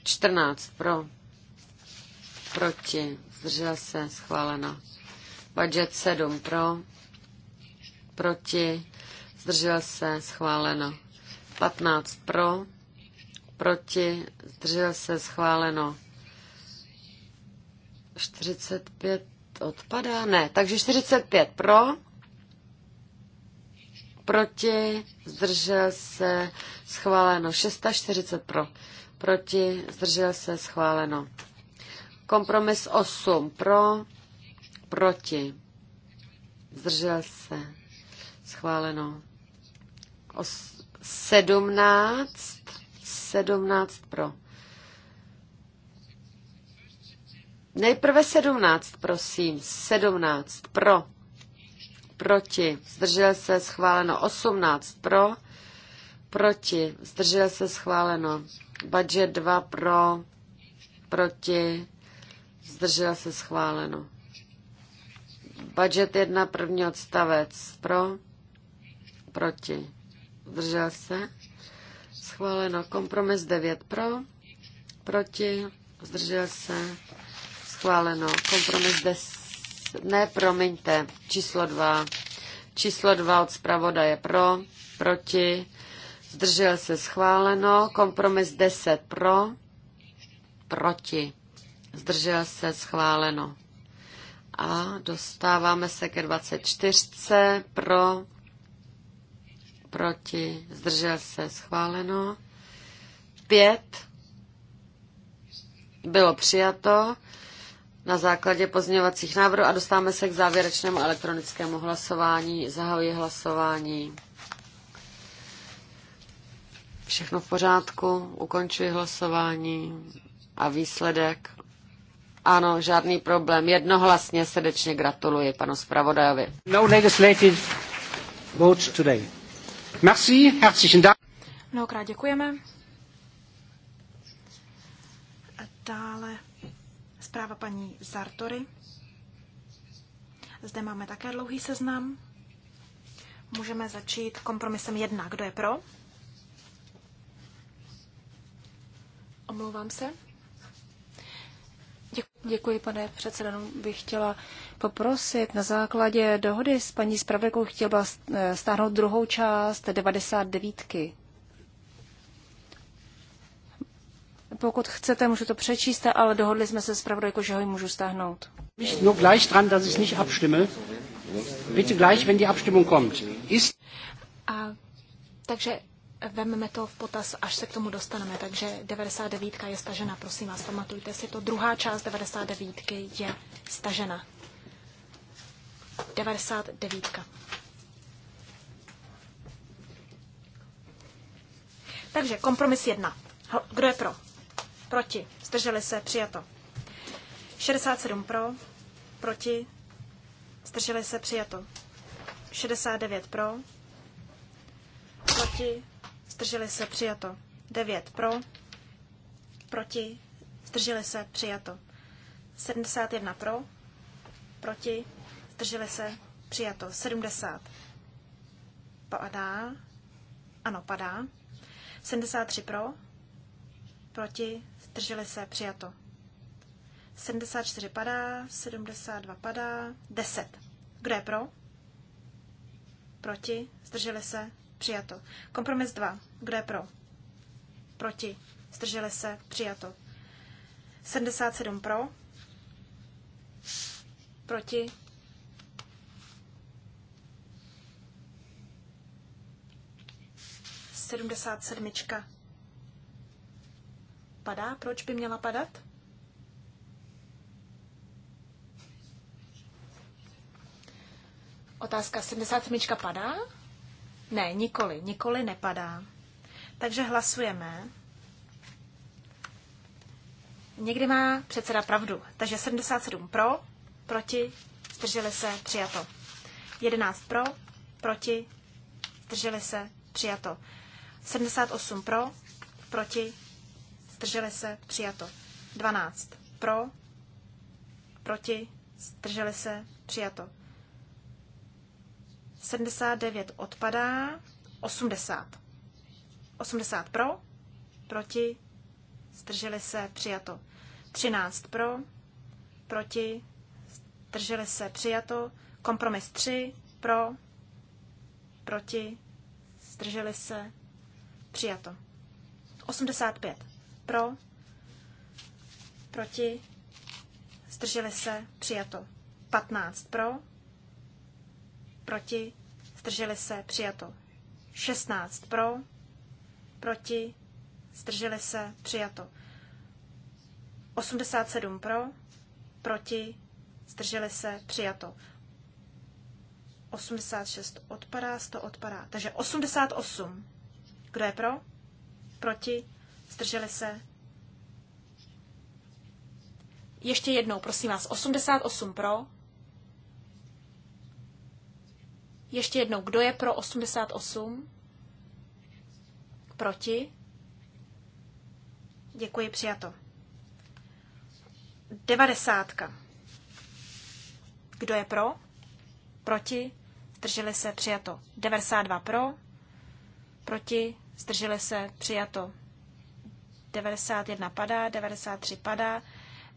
14 pro, proti, zdržel se, schváleno. Budget 7 pro, proti, zdržel se, schváleno. 15 pro, proti, zdržel se, schváleno. 45 odpadá? Ne. Takže 45 pro, proti, zdržel se, schváleno. 640 pro, proti, zdržel se, schváleno. Kompromis 8 pro, proti, zdržel se, schváleno. Os, 17, 17 pro Nejprve sedmnáct, prosím. sedmnáct pro. Proti. Zdržel se schváleno. osmnáct pro. Proti. Zdržel se schváleno. Budget dva pro. Proti. Zdržel se schváleno. Budget jedna první odstavec. Pro. Proti. Zdržel se. Schváleno. Kompromis 9 pro. Proti. Zdržel se Schváleno. Kompromis 10. Ne, promiňte. Číslo 2. Číslo 2 od zpravodaje pro, proti. Zdržel se schváleno. Kompromis 10 pro, proti. Zdržel se schváleno. A dostáváme se ke 24. Pro, proti. Zdržel se schváleno. 5. Bylo přijato na základě pozměňovacích návrhů a dostáváme se k závěrečnému elektronickému hlasování. Zahajuji hlasování. Všechno v pořádku, ukončuji hlasování a výsledek. Ano, žádný problém. Jednohlasně srdečně gratuluji panu zpravodajovi. No legislative votes today. Merci, herzlichen Dank. Mnohokrát děkujeme. A dále Zpráva paní Zartory. Zde máme také dlouhý seznam. Můžeme začít kompromisem jedna. Kdo je pro? Omlouvám se. Děkuji, pane předsedo. Bych chtěla poprosit na základě dohody s paní zpravodajkou, chtěla eh, stáhnout druhou část 99. -ky. Pokud chcete, můžu to přečíst, ale dohodli jsme se s pravodajkou, že ho můžu stáhnout. Nur gleich dran, dass ich nicht abstimme. Bitte gleich, wenn die Abstimmung kommt. Ist... A, takže vezmeme to v potaz, až se k tomu dostaneme. Takže 99 je stažena, prosím vás, pamatujte si to. Druhá část 99 je stažena. 99. Takže kompromis jedna. Kdo je pro? proti, zdrželi se, přijato. 67 pro, proti, zdrželi se, přijato. 69 pro, proti, zdrželi se, přijato. 9 pro, proti, zdrželi se, přijato. 71 pro, proti, zdrželi se, přijato. 70 padá, ano, padá. 73 pro, proti, drželi se, přijato. 74 padá, 72 padá, 10. Kdo je pro? Proti, zdrželi se, přijato. Kompromis 2. Kdo je pro? Proti, zdrželi se, přijato. 77 pro, proti, sedmdesát sedmička padá, proč by měla padat? Otázka 77 padá? Ne, nikoli, nikoli nepadá. Takže hlasujeme. Někdy má předseda pravdu. Takže 77 pro, proti, zdrželi se, přijato. 11 pro, proti, zdrželi se, přijato. 78 pro, proti, zdrželi se, přijato. 12 pro, proti, zdrželi se, přijato. 79 odpadá, 80. 80 pro, proti, zdrželi se, přijato. 13 pro, proti, zdrželi se, přijato. Kompromis 3 pro, proti, zdrželi se, přijato. 85 pro, proti, zdrželi se, přijato. 15 pro, proti, zdrželi se, přijato. 16 pro, proti, zdrželi se, přijato. 87 pro, proti, zdrželi se, přijato. 86 odpadá, 100 odpadá. Takže 88. Kdo je pro? Proti? zdrželi se. Ještě jednou, prosím vás, 88 pro. Ještě jednou, kdo je pro 88? Proti? Děkuji, přijato. Devadesátka. Kdo je pro? Proti? Zdrželi se, přijato. 92 pro? Proti? Zdrželi se, přijato. 91 padá, 93 padá.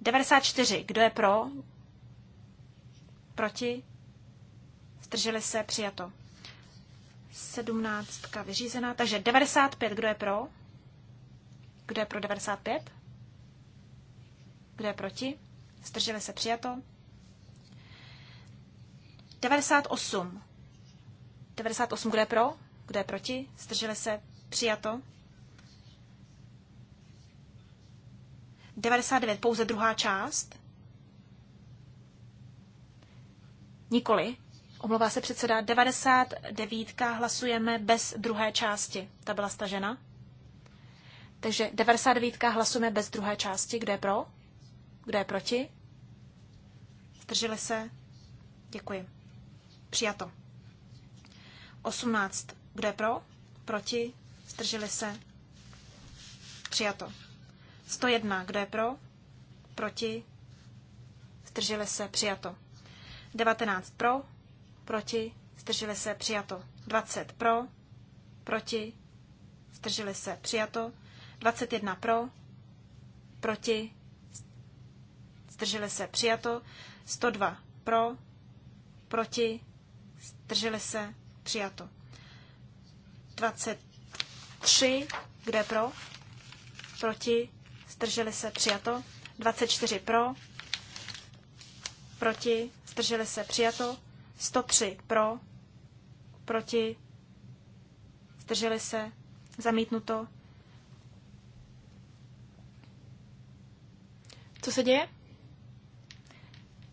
94, kdo je pro? Proti? Zdrželi se, přijato. 17 vyřízená, takže 95, kdo je pro? Kdo je pro 95? Kdo je proti? Zdrželi se, přijato. 98. 98, kdo je pro? Kdo je proti? Zdrželi se, přijato. 99, pouze druhá část? Nikoli. Omlouvá se předseda. 99 hlasujeme bez druhé části. Ta byla stažena. Takže 99 hlasujeme bez druhé části. Kdo je pro? Kdo je proti? Zdrželi se? Děkuji. Přijato. 18. Kdo je pro? Proti? Zdrželi se? Přijato. 101. Kdo je pro? Proti? Zdrželi se? Přijato. 19. Pro? Proti? Zdrželi se? Přijato. 20. Pro? Proti? Zdrželi se? Přijato. 21. Pro? Proti? Zdrželi se? Přijato. 102. Pro? Proti? Zdrželi se? Přijato. 23. Kde pro? Proti? zdrželi se, přijato. 24 pro, proti, zdrželi se, přijato. 103 pro, proti, zdrželi se, zamítnuto. Co se děje?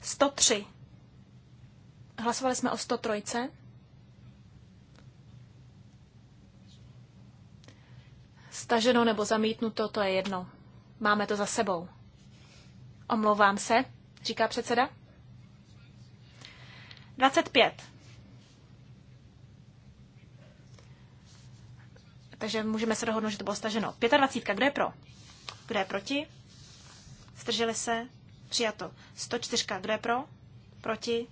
103. Hlasovali jsme o 103. Staženo nebo zamítnuto, to je jedno. Máme to za sebou. Omlouvám se, říká předseda. 25. Takže můžeme se dohodnout, že to bylo staženo. 25. Kdo je pro? Kdo je proti? Strželi se? Přijato. 104. Kdo je pro? Proti?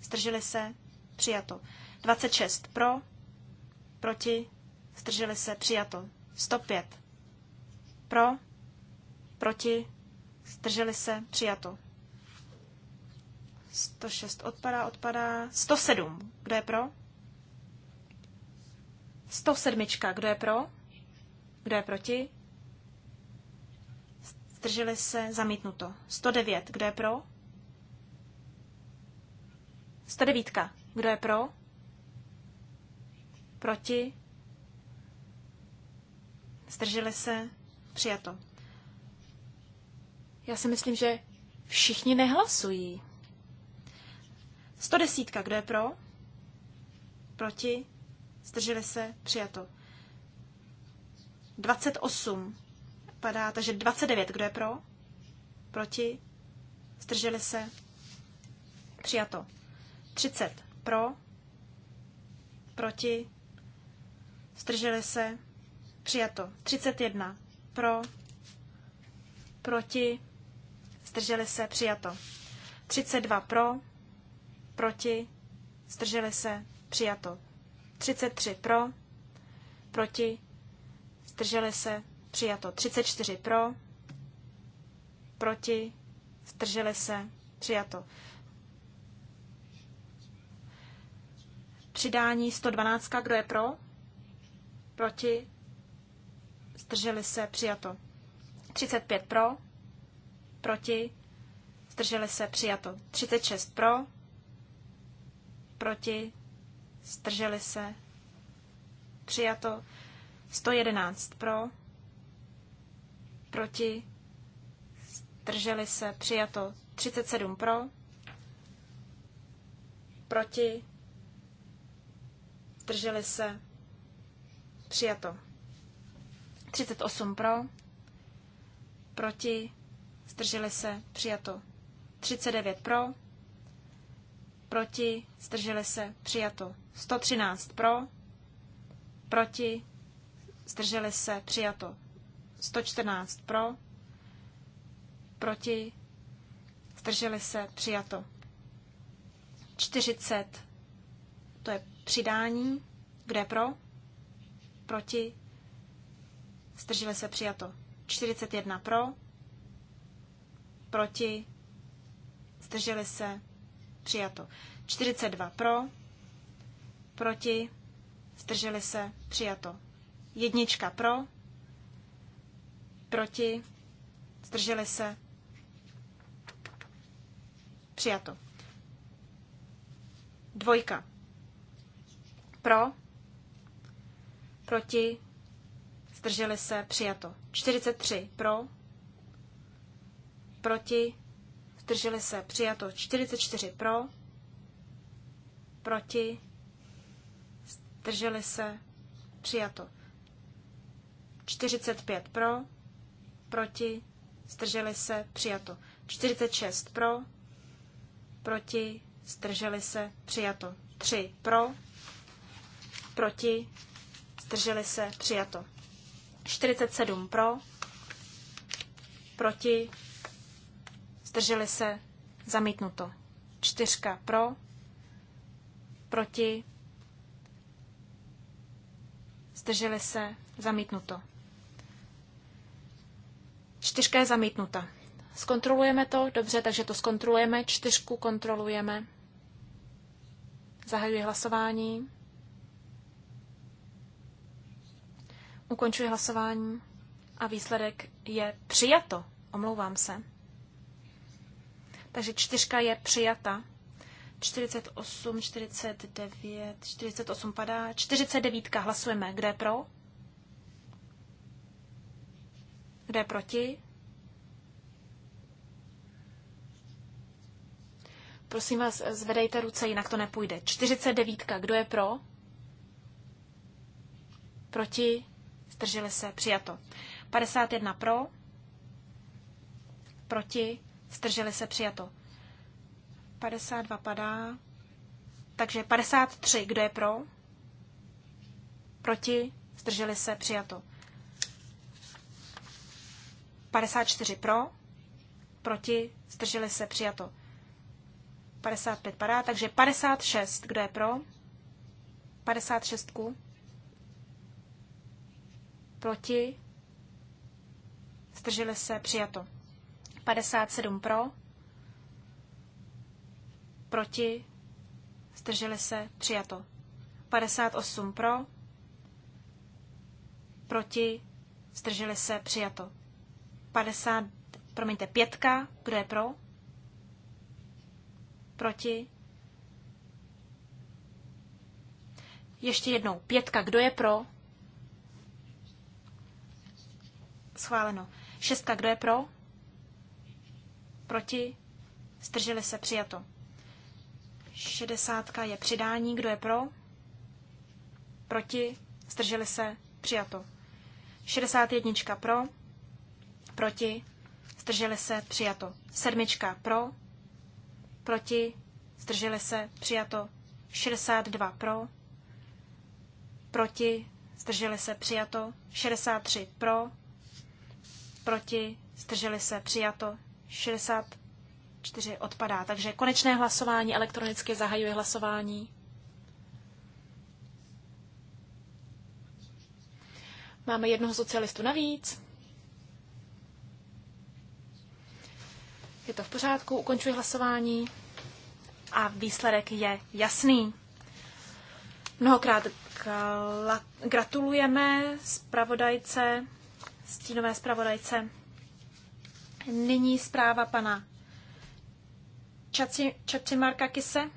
Strželi se? Přijato. 26. Pro? Proti? Strželi se? Přijato. 105. Pro? proti, zdrželi se, přijato. 106 odpadá, odpadá. 107, kdo je pro? 107, kdo je pro? Kdo je proti? Zdrželi se, zamítnuto. 109, kdo je pro? 109, kdo je pro? Proti? Zdrželi se, přijato. Já si myslím, že všichni nehlasují. 110. Kdo je pro? Proti? Zdrželi se? Přijato. 28. Padá, takže 29. Kdo je pro? Proti? Zdrželi se? Přijato. 30. Pro? Proti? Zdrželi se? Přijato. 31. Pro? Proti? zdrželi se, přijato. 32 pro, proti, zdrželi se, přijato. 33 pro, proti, zdrželi se, přijato. 34 pro, proti, zdrželi se, přijato. Přidání 112, kdo je pro? Proti, zdrželi se, přijato. 35 pro, proti, zdrželi se, přijato. 36 pro, proti, zdrželi se, přijato. 111 pro, proti, zdrželi se, přijato. 37 pro, proti, zdrželi se, přijato. 38 pro, proti, zdrželi se, přijato. 39 pro, proti, zdrželi se, přijato. 113 pro, proti, zdrželi se, přijato. 114 pro, proti, zdrželi se, přijato. 40, to je přidání, kde pro, proti, zdrželi se, přijato. 41 pro, proti, zdrželi se, přijato. 42 pro, proti, zdrželi se, přijato. Jednička pro, proti, zdrželi se, přijato. Dvojka. Pro, proti, zdrželi se, přijato. 43 pro, proti, zdrželi se, přijato 44 pro, proti, zdrželi se, přijato 45 pro, proti, zdrželi se, přijato 46 pro, proti, zdrželi se, přijato 3 pro, proti, zdrželi se, přijato 47 pro, proti, zdrželi se, zamítnuto. Čtyřka pro, proti, zdrželi se, zamítnuto. Čtyřka je zamítnuta. Zkontrolujeme to, dobře, takže to zkontrolujeme, čtyřku kontrolujeme. Zahajuji hlasování. Ukončuji hlasování a výsledek je přijato. Omlouvám se. Takže čtyřka je přijata. 48, 49, 48 padá. 49 hlasujeme. Kde je pro? Kde je proti? Prosím vás, zvedejte ruce, jinak to nepůjde. 49. Kdo je pro? Proti? Zdrželi se. Přijato. 51 pro? Proti? Zdrželi se přijato. 52 padá. Takže 53, kdo je pro? Proti? Zdrželi se přijato. 54 pro, proti, zdrželi se přijato. 55 padá, takže 56, kdo je pro? 56 ku. Proti, zdrželi se přijato. 57 pro, proti, zdrželi se, přijato. 58 pro, proti, zdrželi se, přijato. 50, promiňte, pětka, kdo je pro, proti, ještě jednou, pětka, kdo je pro, schváleno. Šestka, kdo je pro, Proti? Zdrželi se přijato. 60 je přidání. Kdo je pro? Proti? Zdrželi se přijato. 61 pro? Proti? Zdrželi se přijato. Sedmička pro? Proti? Zdrželi se přijato. 62 pro? Proti? Zdrželi se přijato. 63 pro? Proti? Zdrželi se přijato. 64 odpadá. Takže konečné hlasování, elektronicky zahajuje hlasování. Máme jednoho socialistu navíc. Je to v pořádku, ukončuji hlasování a výsledek je jasný. Mnohokrát gratulujeme zpravodajce, stínové zpravodajce. Nyní zpráva pana Čaci, Čacimarka Kise.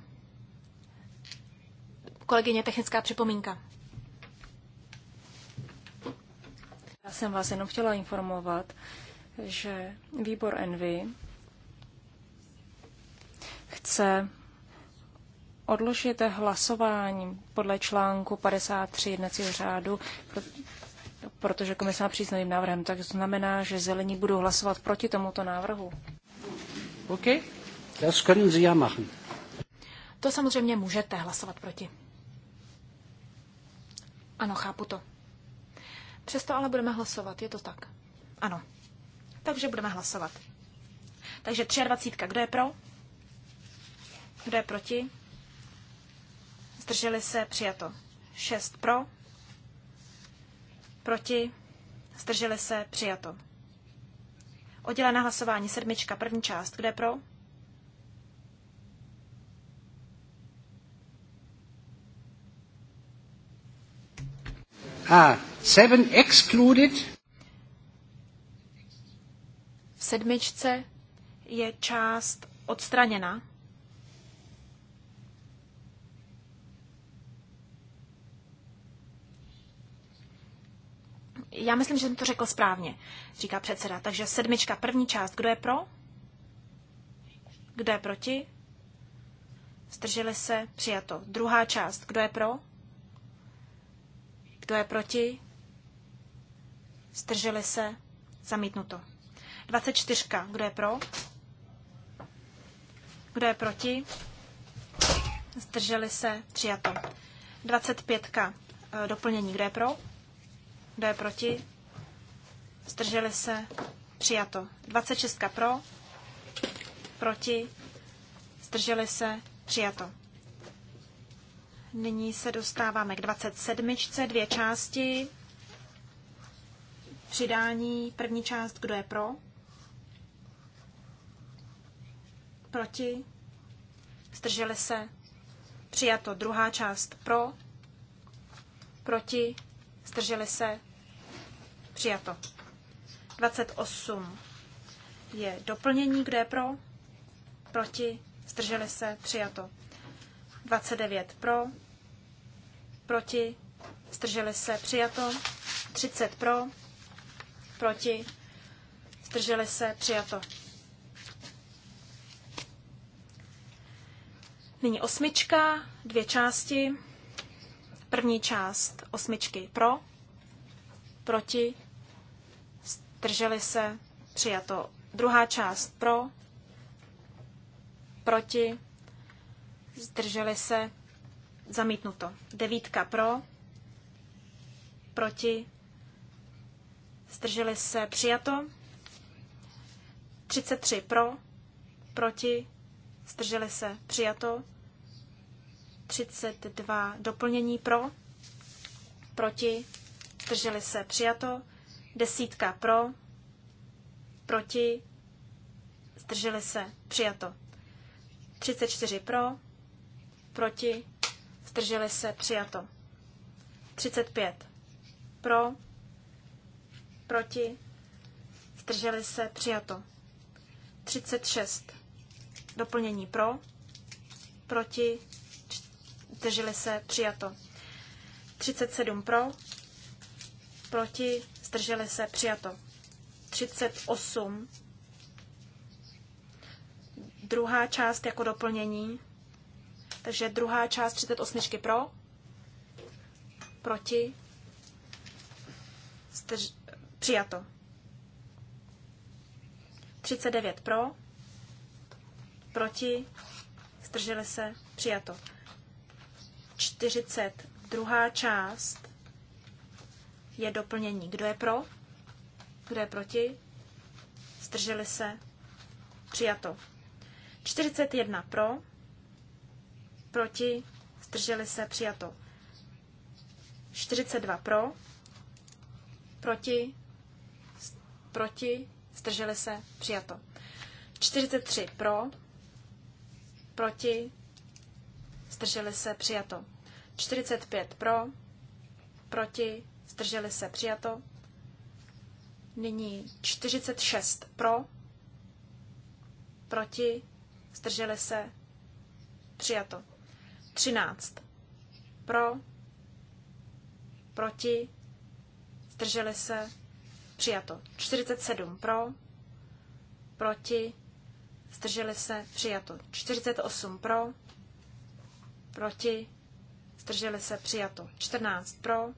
Kolegyně, technická připomínka. Já jsem vás jenom chtěla informovat, že výbor Envy chce odložit hlasování podle článku 53 jednacího řádu protože komise má přijít s novým návrhem, tak znamená, že zelení budou hlasovat proti tomuto návrhu. OK. Das können Sie ja machen. To samozřejmě můžete hlasovat proti. Ano, chápu to. Přesto ale budeme hlasovat, je to tak. Ano. Takže budeme hlasovat. Takže 23. Kdo je pro? Kdo je proti? Zdrželi se, přijato. 6 pro, proti, zdrželi se, přijato. Oddělené hlasování sedmička, první část, kde pro? Ah, seven excluded. V sedmičce je část odstraněna. Já myslím, že jsem to řekl správně, říká předseda. Takže sedmička, první část. Kdo je pro? Kdo je proti? Zdrželi se? Přijato. Druhá část. Kdo je pro? Kdo je proti? Zdrželi se? Zamítnuto. 24. Kdo je pro? Kdo je proti? Zdrželi se? Přijato. 25. E, doplnění. Kdo je pro? Kdo je proti? Zdrželi se? Přijato. 26 pro? Proti? Zdrželi se? Přijato. Nyní se dostáváme k 27. Dvě části. Přidání. První část, kdo je pro? Proti? Zdrželi se? Přijato. Druhá část pro? Proti? Zdrželi se? Přijato. 28 je doplnění, kde je pro, proti, zdrželi se, přijato. 29 pro, proti, zdrželi se, přijato. 30 pro, proti, zdrželi se, přijato. Nyní osmička, dvě části. První část osmičky pro, proti, zdrželi se, přijato. Druhá část pro, proti, zdrželi se, zamítnuto. Devítka pro, proti, zdrželi se, přijato. 33 pro, proti, zdrželi se, přijato. 32 doplnění pro, proti, zdrželi se, přijato. Desítka pro, proti, zdrželi se, přijato. 34 pro, proti, zdrželi se, přijato. 35 pro, proti, zdrželi se, přijato. 36 doplnění pro, proti, zdrželi se, přijato. 37 pro, proti, zdrželi se, přijato. 38, druhá část jako doplnění, takže druhá část 38 pro, proti, zdrž, přijato. 39 pro, proti, zdrželi se, přijato. 40, druhá část, je doplnění. Kdo je pro? Kdo je proti? Zdrželi se? Přijato. 41 pro, proti, zdrželi se, přijato. 42 pro, proti, proti, zdrželi se, přijato. 43 pro, proti, zdrželi se, přijato. 45 pro, proti, zdrželi se, přijato. Nyní 46 pro, proti, zdrželi se, přijato. 13 pro, proti, zdrželi se, přijato. 47 pro, proti, zdrželi se, přijato. 48 pro, proti, zdrželi se, přijato. 14 pro,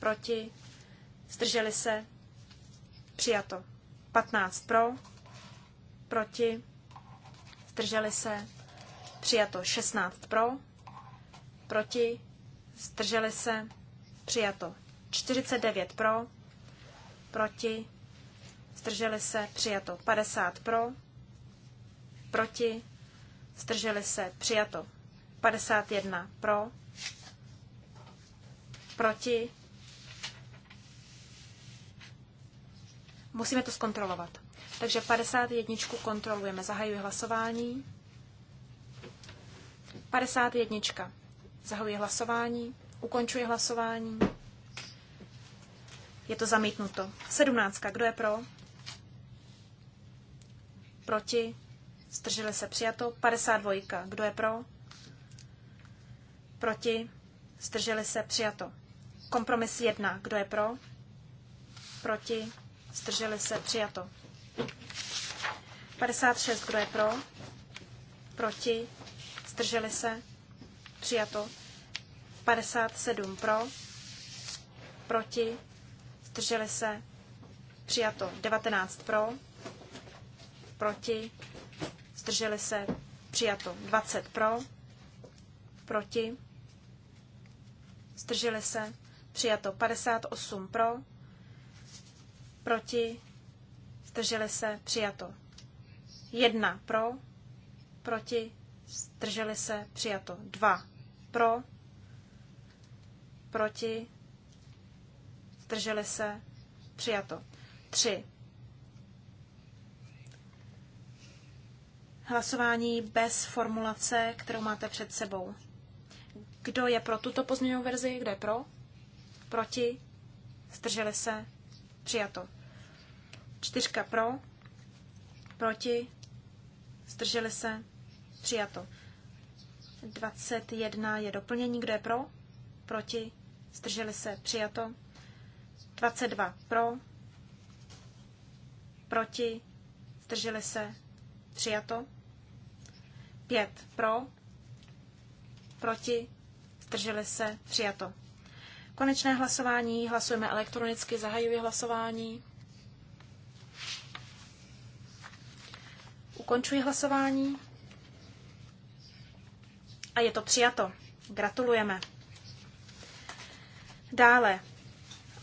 proti, zdrželi se, přijato. 15 pro, proti, zdrželi se, přijato. 16 pro, proti, zdrželi se, přijato. 49 pro, proti, zdrželi se, přijato. 50 pro, proti, zdrželi se, přijato. 51 pro, proti, Musíme to zkontrolovat. Takže 51 kontrolujeme. Zahajuji hlasování. 51. Zahajuji hlasování. Ukončuji hlasování. Je to zamítnuto. 17. Kdo je pro? Proti? Zdrželi se přijato. 52. Kdo je pro? Proti? Zdrželi se přijato. Kompromis 1. Kdo je pro? Proti? Zdrželi se? Přijato. 56. Kdo je pro? Proti? Zdrželi se? Přijato. 57. Pro? Proti? Zdrželi se? Přijato. 19. Pro? Proti? Zdrželi se? Přijato. 20. Pro? Proti? Zdrželi se? Přijato. 58. Pro? proti, zdrželi se, přijato. Jedna pro, proti, zdrželi se, přijato. Dva pro, proti, zdrželi se, přijato. Tři. Hlasování bez formulace, kterou máte před sebou. Kdo je pro tuto pozměňovou verzi, kdo je pro? Proti? Zdrželi se? Přijato. Čtyřka pro, proti, zdrželi se, přijato. 21 je doplnění, kdo je pro, proti, zdrželi se, přijato. 22 pro, proti, zdrželi se, přijato. 5 pro, proti, zdrželi se, přijato. Konečné hlasování, hlasujeme elektronicky, zahajuji hlasování. Ukončuji hlasování. A je to přijato. Gratulujeme. Dále.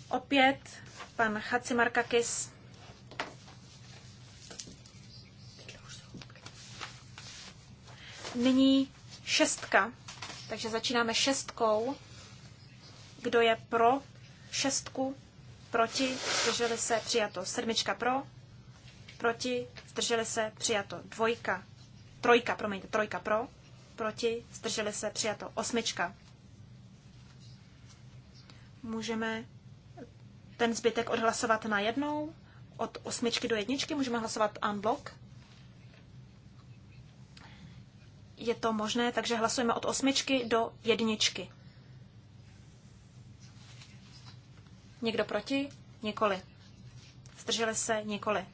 Opět pan Markakis. Nyní šestka. Takže začínáme šestkou. Kdo je pro šestku? Proti? Zdrželi se? Přijato. Sedmička pro? Proti? zdrželi se, přijato dvojka, trojka, promiňte, trojka pro, proti, zdrželi se, přijato osmička. Můžeme ten zbytek odhlasovat na jednou, od osmičky do jedničky, můžeme hlasovat unblock. Je to možné, takže hlasujeme od osmičky do jedničky. Někdo proti? Nikoli. Zdrželi se? Nikoli.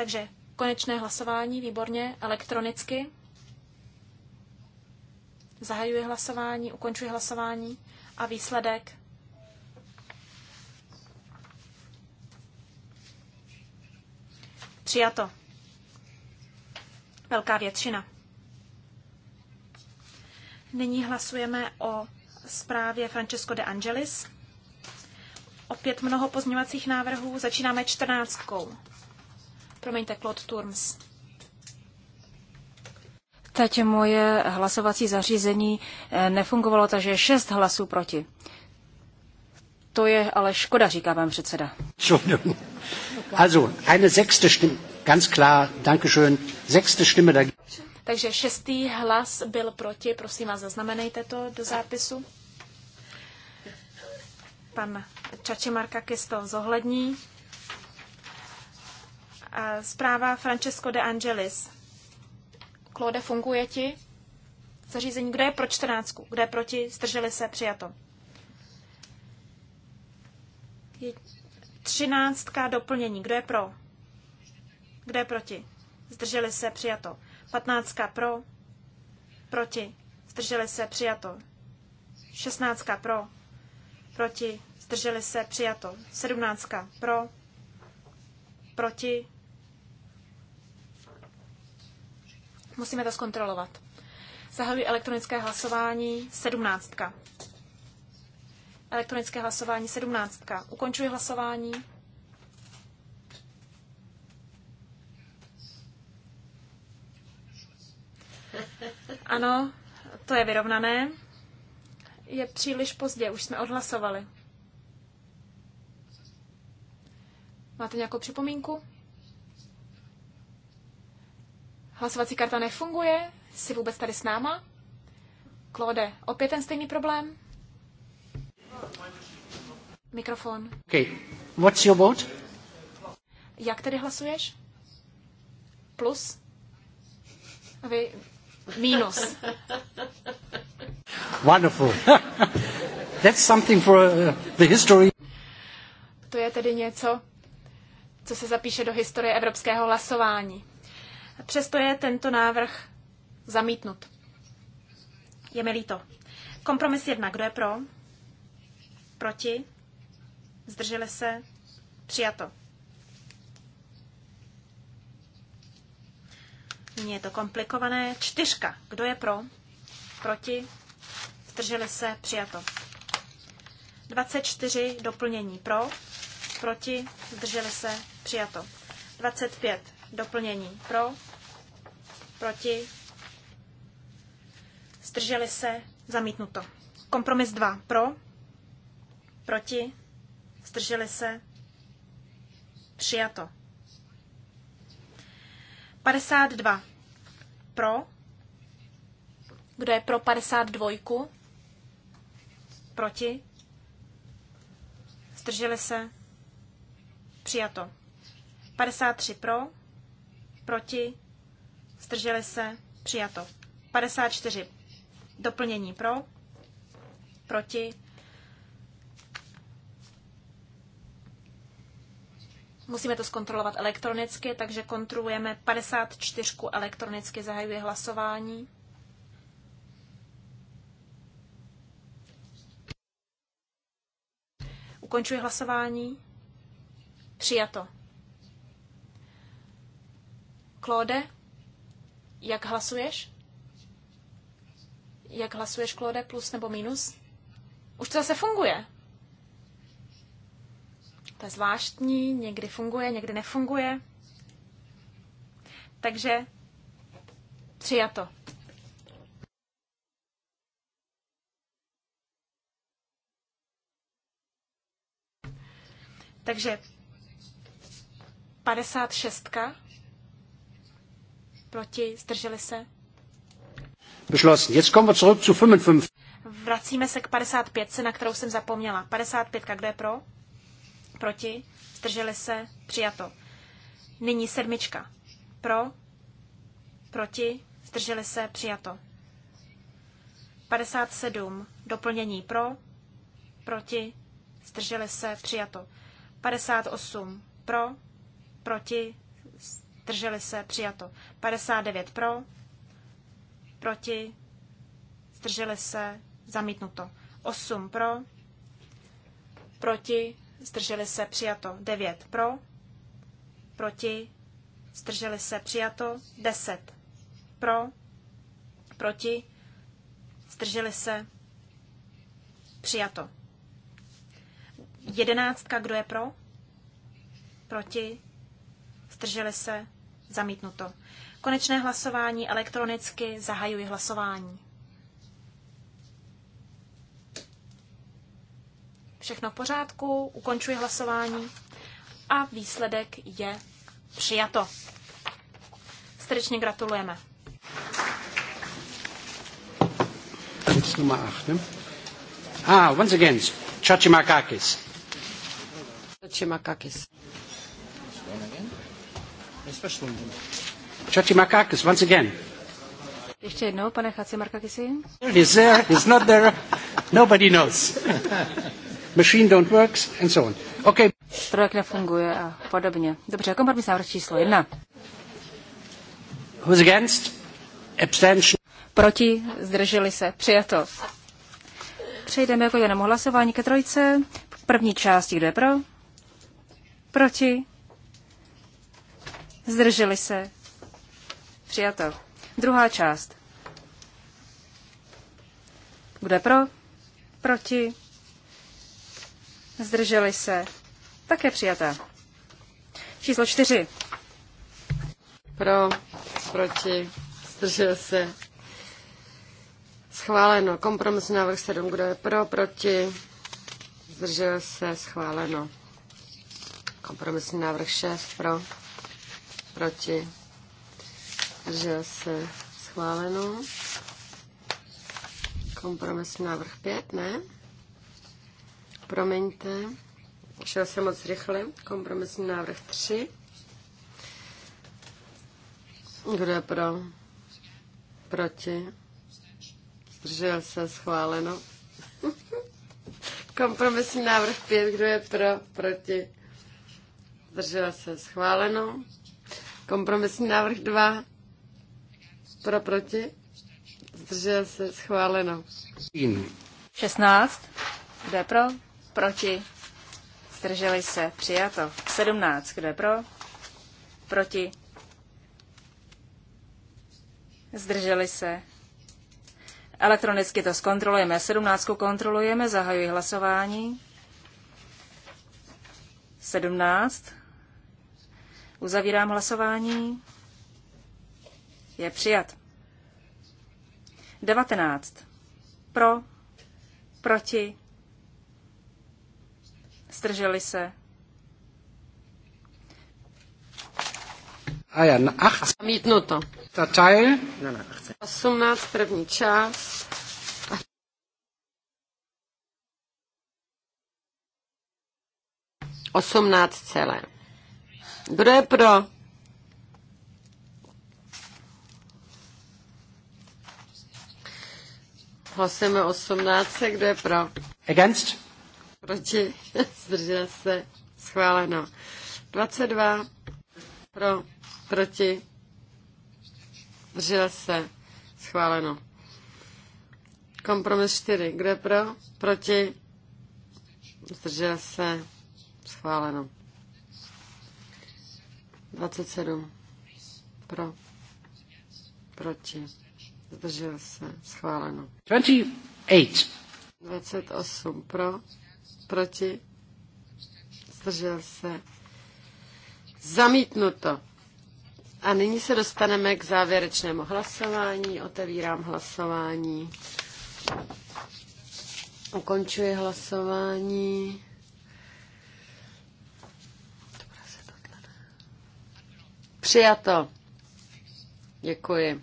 Takže konečné hlasování, výborně, elektronicky. Zahajuji hlasování, ukončuji hlasování a výsledek Přijato. Velká většina. Nyní hlasujeme o zprávě Francesco de Angelis. Opět mnoho pozměňovacích návrhů. Začínáme čtrnáctkou. Promiňte, Claude Turms. Teď moje hlasovací zařízení eh, nefungovalo, takže šest hlasů proti. To je ale škoda, říká vám předseda. Also, eine sechste Stimme, ganz klar, danke schön, sechste Stimme da. Takže šestý hlas byl proti, prosím vás, zaznamenejte to do zápisu. Pan Čačemarka Kisto zohlední. Zpráva Francesco de Angelis. Claude, funguje ti? Zařízení, kde je pro čtrnáctku? Kde je proti? Zdrželi se, přijato. Třináctka doplnění. Kdo je pro? Kdo je proti? Zdrželi se, přijato. Patnáctka pro? Proti? Zdrželi se, přijato. Šestnáctka pro? Proti? Zdrželi se, přijato. Sedmnáctka pro? Proti? Musíme to zkontrolovat. Zahajuji elektronické hlasování 17. Elektronické hlasování 17. Ukončuji hlasování. Ano, to je vyrovnané. Je příliš pozdě, už jsme odhlasovali. Máte nějakou připomínku? Hlasovací karta nefunguje? Jsi vůbec tady s náma? Klode, opět ten stejný problém? Mikrofon. Okay. What's your vote? Jak tedy hlasuješ? Plus? Vy minus. Wonderful. <laughs> That's something for uh, the history. To je tedy něco, co se zapíše do historie evropského hlasování. Přesto je tento návrh zamítnut. Je mi líto. Kompromis jedna. Kdo je pro? Proti? Zdrželi se? Přijato. Nyní je to komplikované. Čtyřka. Kdo je pro? Proti? Zdrželi se? Přijato. 24. Doplnění. Pro? Proti? Zdrželi se? Přijato. 25. Doplnění. Pro? proti, zdrželi se, zamítnuto. Kompromis 2 pro, proti, zdrželi se, přijato. 52 pro, kdo je pro 52, proti, zdrželi se, přijato. 53 pro, proti, Zdrželi se? Přijato. 54. Doplnění pro? Proti? Musíme to zkontrolovat elektronicky, takže kontrolujeme 54 elektronicky, zahajuje hlasování. Ukončuji hlasování. Přijato. Claude? Jak hlasuješ? Jak hlasuješ, Klode, plus nebo minus? Už to zase funguje. To je zvláštní, někdy funguje, někdy nefunguje. Takže přijato. Takže 56 Proti? Zdrželi se? Vracíme se k 55, na kterou jsem zapomněla. 55, kdo je pro? Proti? Zdrželi se? Přijato. Nyní sedmička. Pro? Proti? Zdrželi se? Přijato. 57. Doplnění pro? Proti? Zdrželi se? Přijato. 58. Pro? Proti? zdrželi se, přijato. 59 pro, proti, zdrželi se, zamítnuto. 8 pro, proti, zdrželi se, přijato. 9 pro, proti, zdrželi se, přijato. 10 pro, proti, zdrželi se, přijato. Jedenáctka, kdo je pro? Proti, zdrželi se, Zamítnuto. Konečné hlasování elektronicky. Zahajuji hlasování. Všechno v pořádku. Ukončuji hlasování. A výsledek je přijato. Srdečně gratulujeme. Ah, once again, Chachimakakis. Chachimakakis especially women. once again. Ještě jednou, pane Chacimarkakisi. Is there, is not there, nobody knows. Machine don't works and so on. Okay. Strojek nefunguje a podobně. Dobře, kompromis návrh číslo jedna. Who's against? Abstention. Proti, zdrželi se, přijato. Přejdeme jako jenom hlasování ke trojce. První části, kdo je pro? Proti, Zdrželi se. Přijato. Druhá část. Kdo pro? Proti? Zdrželi se. Také přijatá. Číslo čtyři. Pro, proti, zdržel se. Schváleno. Kompromisní návrh 7. Kdo je pro, proti? Zdržel se. Schváleno. Kompromisní návrh 6. Pro, proti, Takže se schváleno. Kompromisní návrh 5, ne? Promiňte, šel jsem moc rychle. Kompromisní návrh 3. Kdo je pro? Proti? Zdržel se schváleno. <laughs> Kompromisní návrh 5. Kdo je pro? Proti? Zdržel se schváleno. Kompromisní návrh 2. Pro proti? Zdržel se schváleno. 16. Kdo je pro? Proti? Zdrželi se. Přijato. 17. Kdo je pro? Proti? Zdrželi se. Elektronicky to zkontrolujeme. 17 kontrolujeme, zahajuji hlasování. 17. Uzavírám hlasování. Je přijat. 19. Pro, proti, Strželi se. A na 8. Zamítnuto. Na 18. první část. Osmnáct celé. Kdo je pro? Hlasujeme 18. Kdo je pro? Against? Proti? <laughs> Zdržel se. Schváleno. 22. Pro. Proti? Zdržel se. Schváleno. Kompromis 4. Kdo je pro? Proti? Zdržel se. Schváleno. 27. Pro. Proti. Zdržel se. Schváleno. 28. Pro. Proti. Zdržel se. Zamítnuto. A nyní se dostaneme k závěrečnému hlasování. Otevírám hlasování. Ukončuji hlasování. Přijato. Děkuji.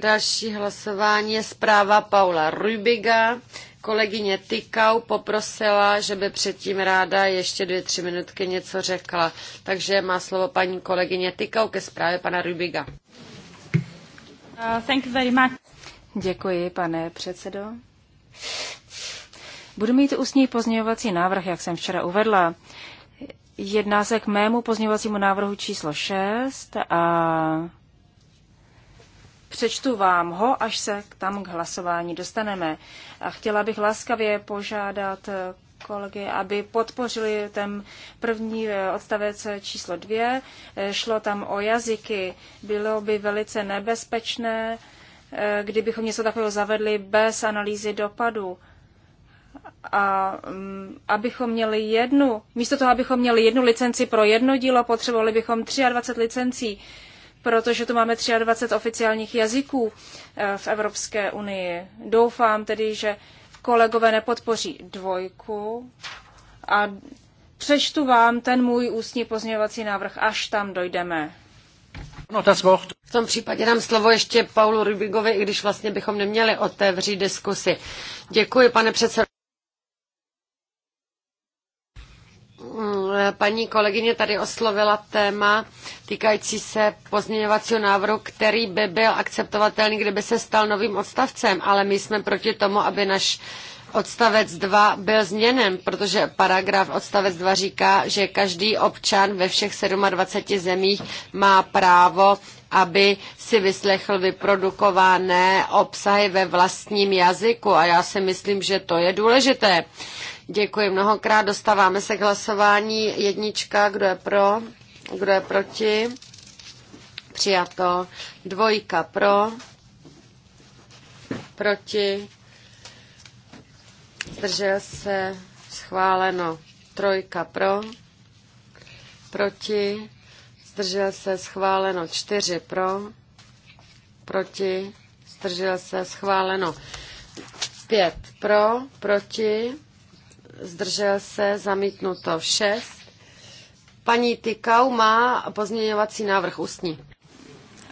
Další hlasování je zpráva Paula Rubiga. Kolegyně Tykau poprosila, že by předtím ráda ještě dvě, tři minutky něco řekla. Takže má slovo paní kolegyně Tykau ke zprávě pana Rubiga. Uh, thank you very much. Děkuji, pane předsedo. Budu mít ústní pozměňovací návrh, jak jsem včera uvedla. Jedná se k mému pozměňovacímu návrhu číslo 6 a přečtu vám ho, až se tam k hlasování dostaneme. A chtěla bych laskavě požádat kolegy, aby podpořili ten první eh, odstavec číslo dvě. Eh, šlo tam o jazyky. Bylo by velice nebezpečné, eh, kdybychom něco takového zavedli bez analýzy dopadu a mm, abychom měli jednu, místo toho, abychom měli jednu licenci pro jedno dílo, potřebovali bychom 23 licencí, protože tu máme 23 oficiálních jazyků eh, v Evropské unii. Doufám tedy, že kolegové nepodpoří dvojku a přečtu vám ten můj ústní pozměňovací návrh, až tam dojdeme. No, das Wort. V tom případě dám slovo ještě Paulu Rubigovi, i když vlastně bychom neměli otevřít diskusy. Děkuji, pane předsedo. Paní kolegyně tady oslovila téma týkající se pozměňovacího návrhu, který by byl akceptovatelný, kdyby se stal novým odstavcem, ale my jsme proti tomu, aby naš odstavec 2 byl změněn, protože paragraf odstavec 2 říká, že každý občan ve všech 27 zemích má právo aby si vyslechl vyprodukované obsahy ve vlastním jazyku a já si myslím, že to je důležité. Děkuji mnohokrát. Dostáváme se k hlasování. Jednička, kdo je pro, kdo je proti. Přijato. Dvojka pro, proti. Zdržel se. Schváleno. Trojka pro, proti. Zdržel se. Schváleno. Čtyři pro, proti. Zdržel se. Schváleno. Pět pro, proti zdržel se, zamítnuto 6. Paní Tykau má pozměňovací návrh ústní.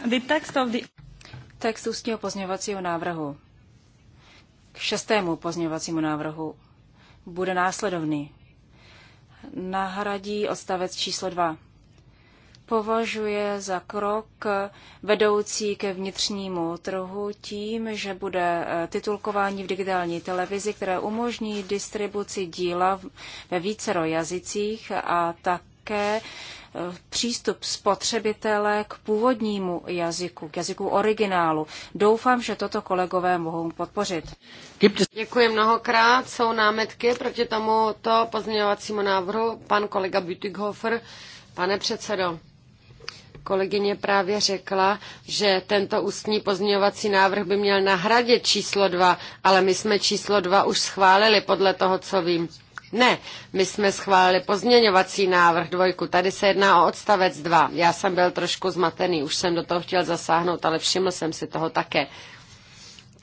The text, of the... text ústního pozměňovacího návrhu k šestému pozměňovacímu návrhu bude následovný. Nahradí odstavec číslo 2 považuje za krok vedoucí ke vnitřnímu trhu tím, že bude eh, titulkování v digitální televizi, které umožní distribuci díla ve vícero jazycích a také eh, přístup spotřebitele k původnímu jazyku, k jazyku originálu. Doufám, že toto kolegové mohou podpořit. Děkuji mnohokrát. Jsou námetky proti tomuto pozměňovacímu návrhu. Pan kolega Butighofer, pane předsedo. Kolegyně právě řekla, že tento ústní pozměňovací návrh by měl nahradit číslo dva, ale my jsme číslo dva už schválili podle toho, co vím. Ne, my jsme schválili pozměňovací návrh dvojku. Tady se jedná o odstavec dva. Já jsem byl trošku zmatený, už jsem do toho chtěl zasáhnout, ale všiml jsem si toho také.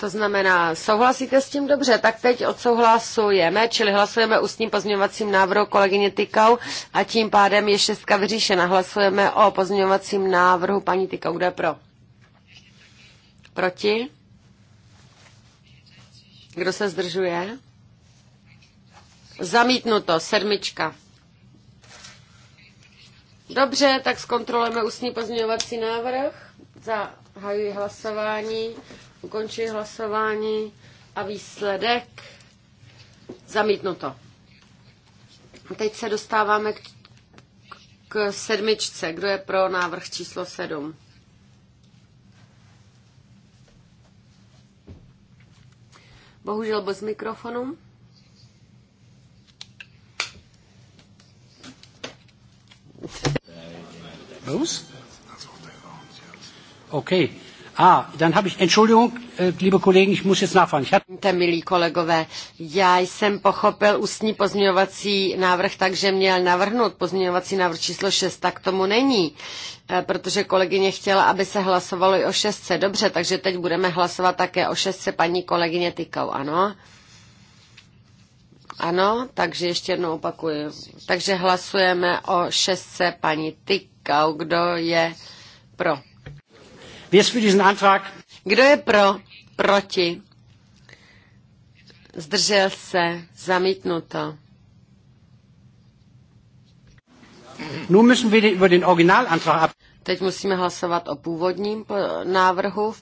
To znamená, souhlasíte s tím dobře, tak teď odsouhlasujeme, čili hlasujeme ústním pozměňovacím návrhu kolegyně Tykau a tím pádem je šestka vyříšena. Hlasujeme o pozměňovacím návrhu paní Tykau. Kdo je pro? Proti? Kdo se zdržuje? Zamítnuto, sedmička. Dobře, tak zkontrolujeme ústní pozměňovací návrh. Zahajuji hlasování. Ukončuji hlasování a výsledek zamítnuto. Teď se dostáváme k, k sedmičce. Kdo je pro návrh číslo sedm? Bohužel bez mikrofonu. Okay. Ah, dann habe ich, Entschuldigung, äh, liebe Kollegen, ich muss jetzt nachfragen. Ich hatte... Milí kolegové, já jsem pochopil ústní pozměňovací návrh, takže měl navrhnout pozměňovací návrh číslo 6, tak tomu není, eh, protože kolegyně chtěla, aby se hlasovalo i o 6. Dobře, takže teď budeme hlasovat také o 6. paní kolegyně Tykou, ano? Ano, takže ještě jednou opakuju. Takže hlasujeme o 6. paní Tykou, Kdo je pro? Wer ist für diesen Antrag? Kdo je pro? Proti. Zdržel se. Zamítnuto. Nun müssen wir über den Originalantrag ab. Teď musíme hlasovat o původním návrhu.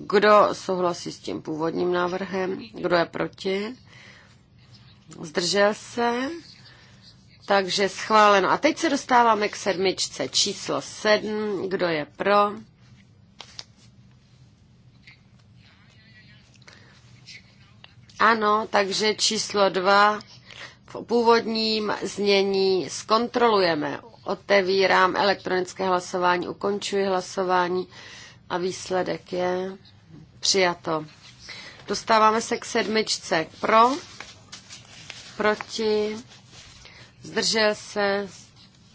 Kdo souhlasí s tím původním návrhem? Kdo je proti? Zdržel se? Takže schváleno. A teď se dostáváme k sedmičce. Číslo sedm. Kdo je pro? Ano, takže číslo dva v původním znění zkontrolujeme. Otevírám elektronické hlasování, ukončuji hlasování a výsledek je přijato. Dostáváme se k sedmičce. Pro, proti, zdržel se,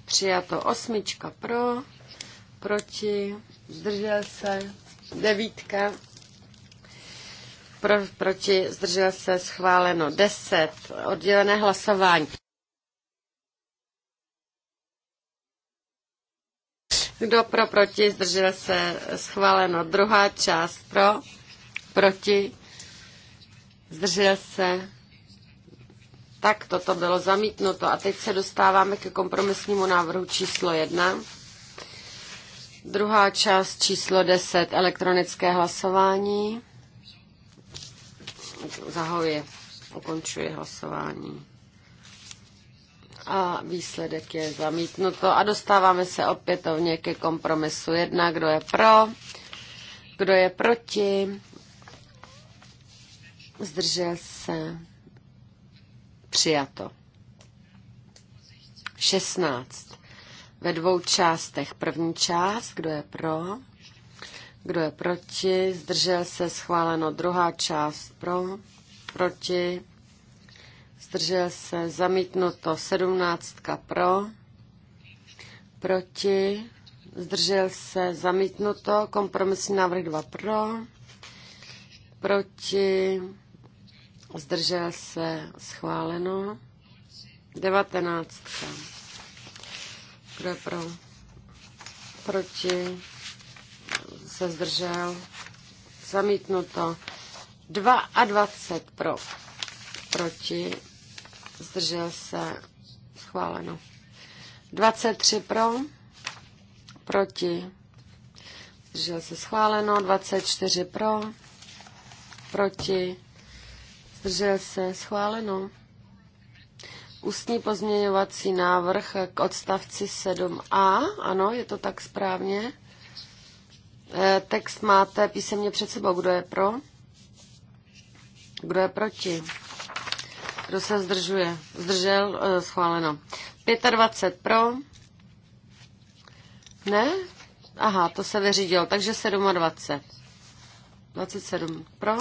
přijato osmička pro, proti, zdržel se, devítka pro, proti, zdržel se, schváleno 10, oddělené hlasování. Kdo pro, proti, zdržel se, schváleno druhá část pro, proti, zdržel se, tak toto bylo zamítnuto. A teď se dostáváme ke kompromisnímu návrhu číslo 1. Druhá část číslo 10, elektronické hlasování zahajuje, ukončuje hlasování. A výsledek je zamítnuto. A dostáváme se opětovně ke kompromisu. Jedna, kdo je pro, kdo je proti, zdržel se, přijato. 16. Ve dvou částech. První část, kdo je pro, kdo je proti? Zdržel se schváleno druhá část pro, proti. Zdržel se zamítnuto sedmnáctka pro, proti. Zdržel se zamítnuto kompromisní návrh dva pro, proti. Zdržel se schváleno devatenáctka. Kdo je pro? Proti se zdržel, zamítnuto. 22 pro, proti, zdržel se, schváleno. 23 pro, proti, zdržel se, schváleno. 24 pro, proti, zdržel se, schváleno. Ústní pozměňovací návrh k odstavci 7a, ano, je to tak správně. Eh, text máte písemně před sebou. Kdo je pro? Kdo je proti? Kdo se zdržuje? Zdržel? Eh, schváleno. 25 pro? Ne? Aha, to se vyřídilo. Takže 27. 27 pro?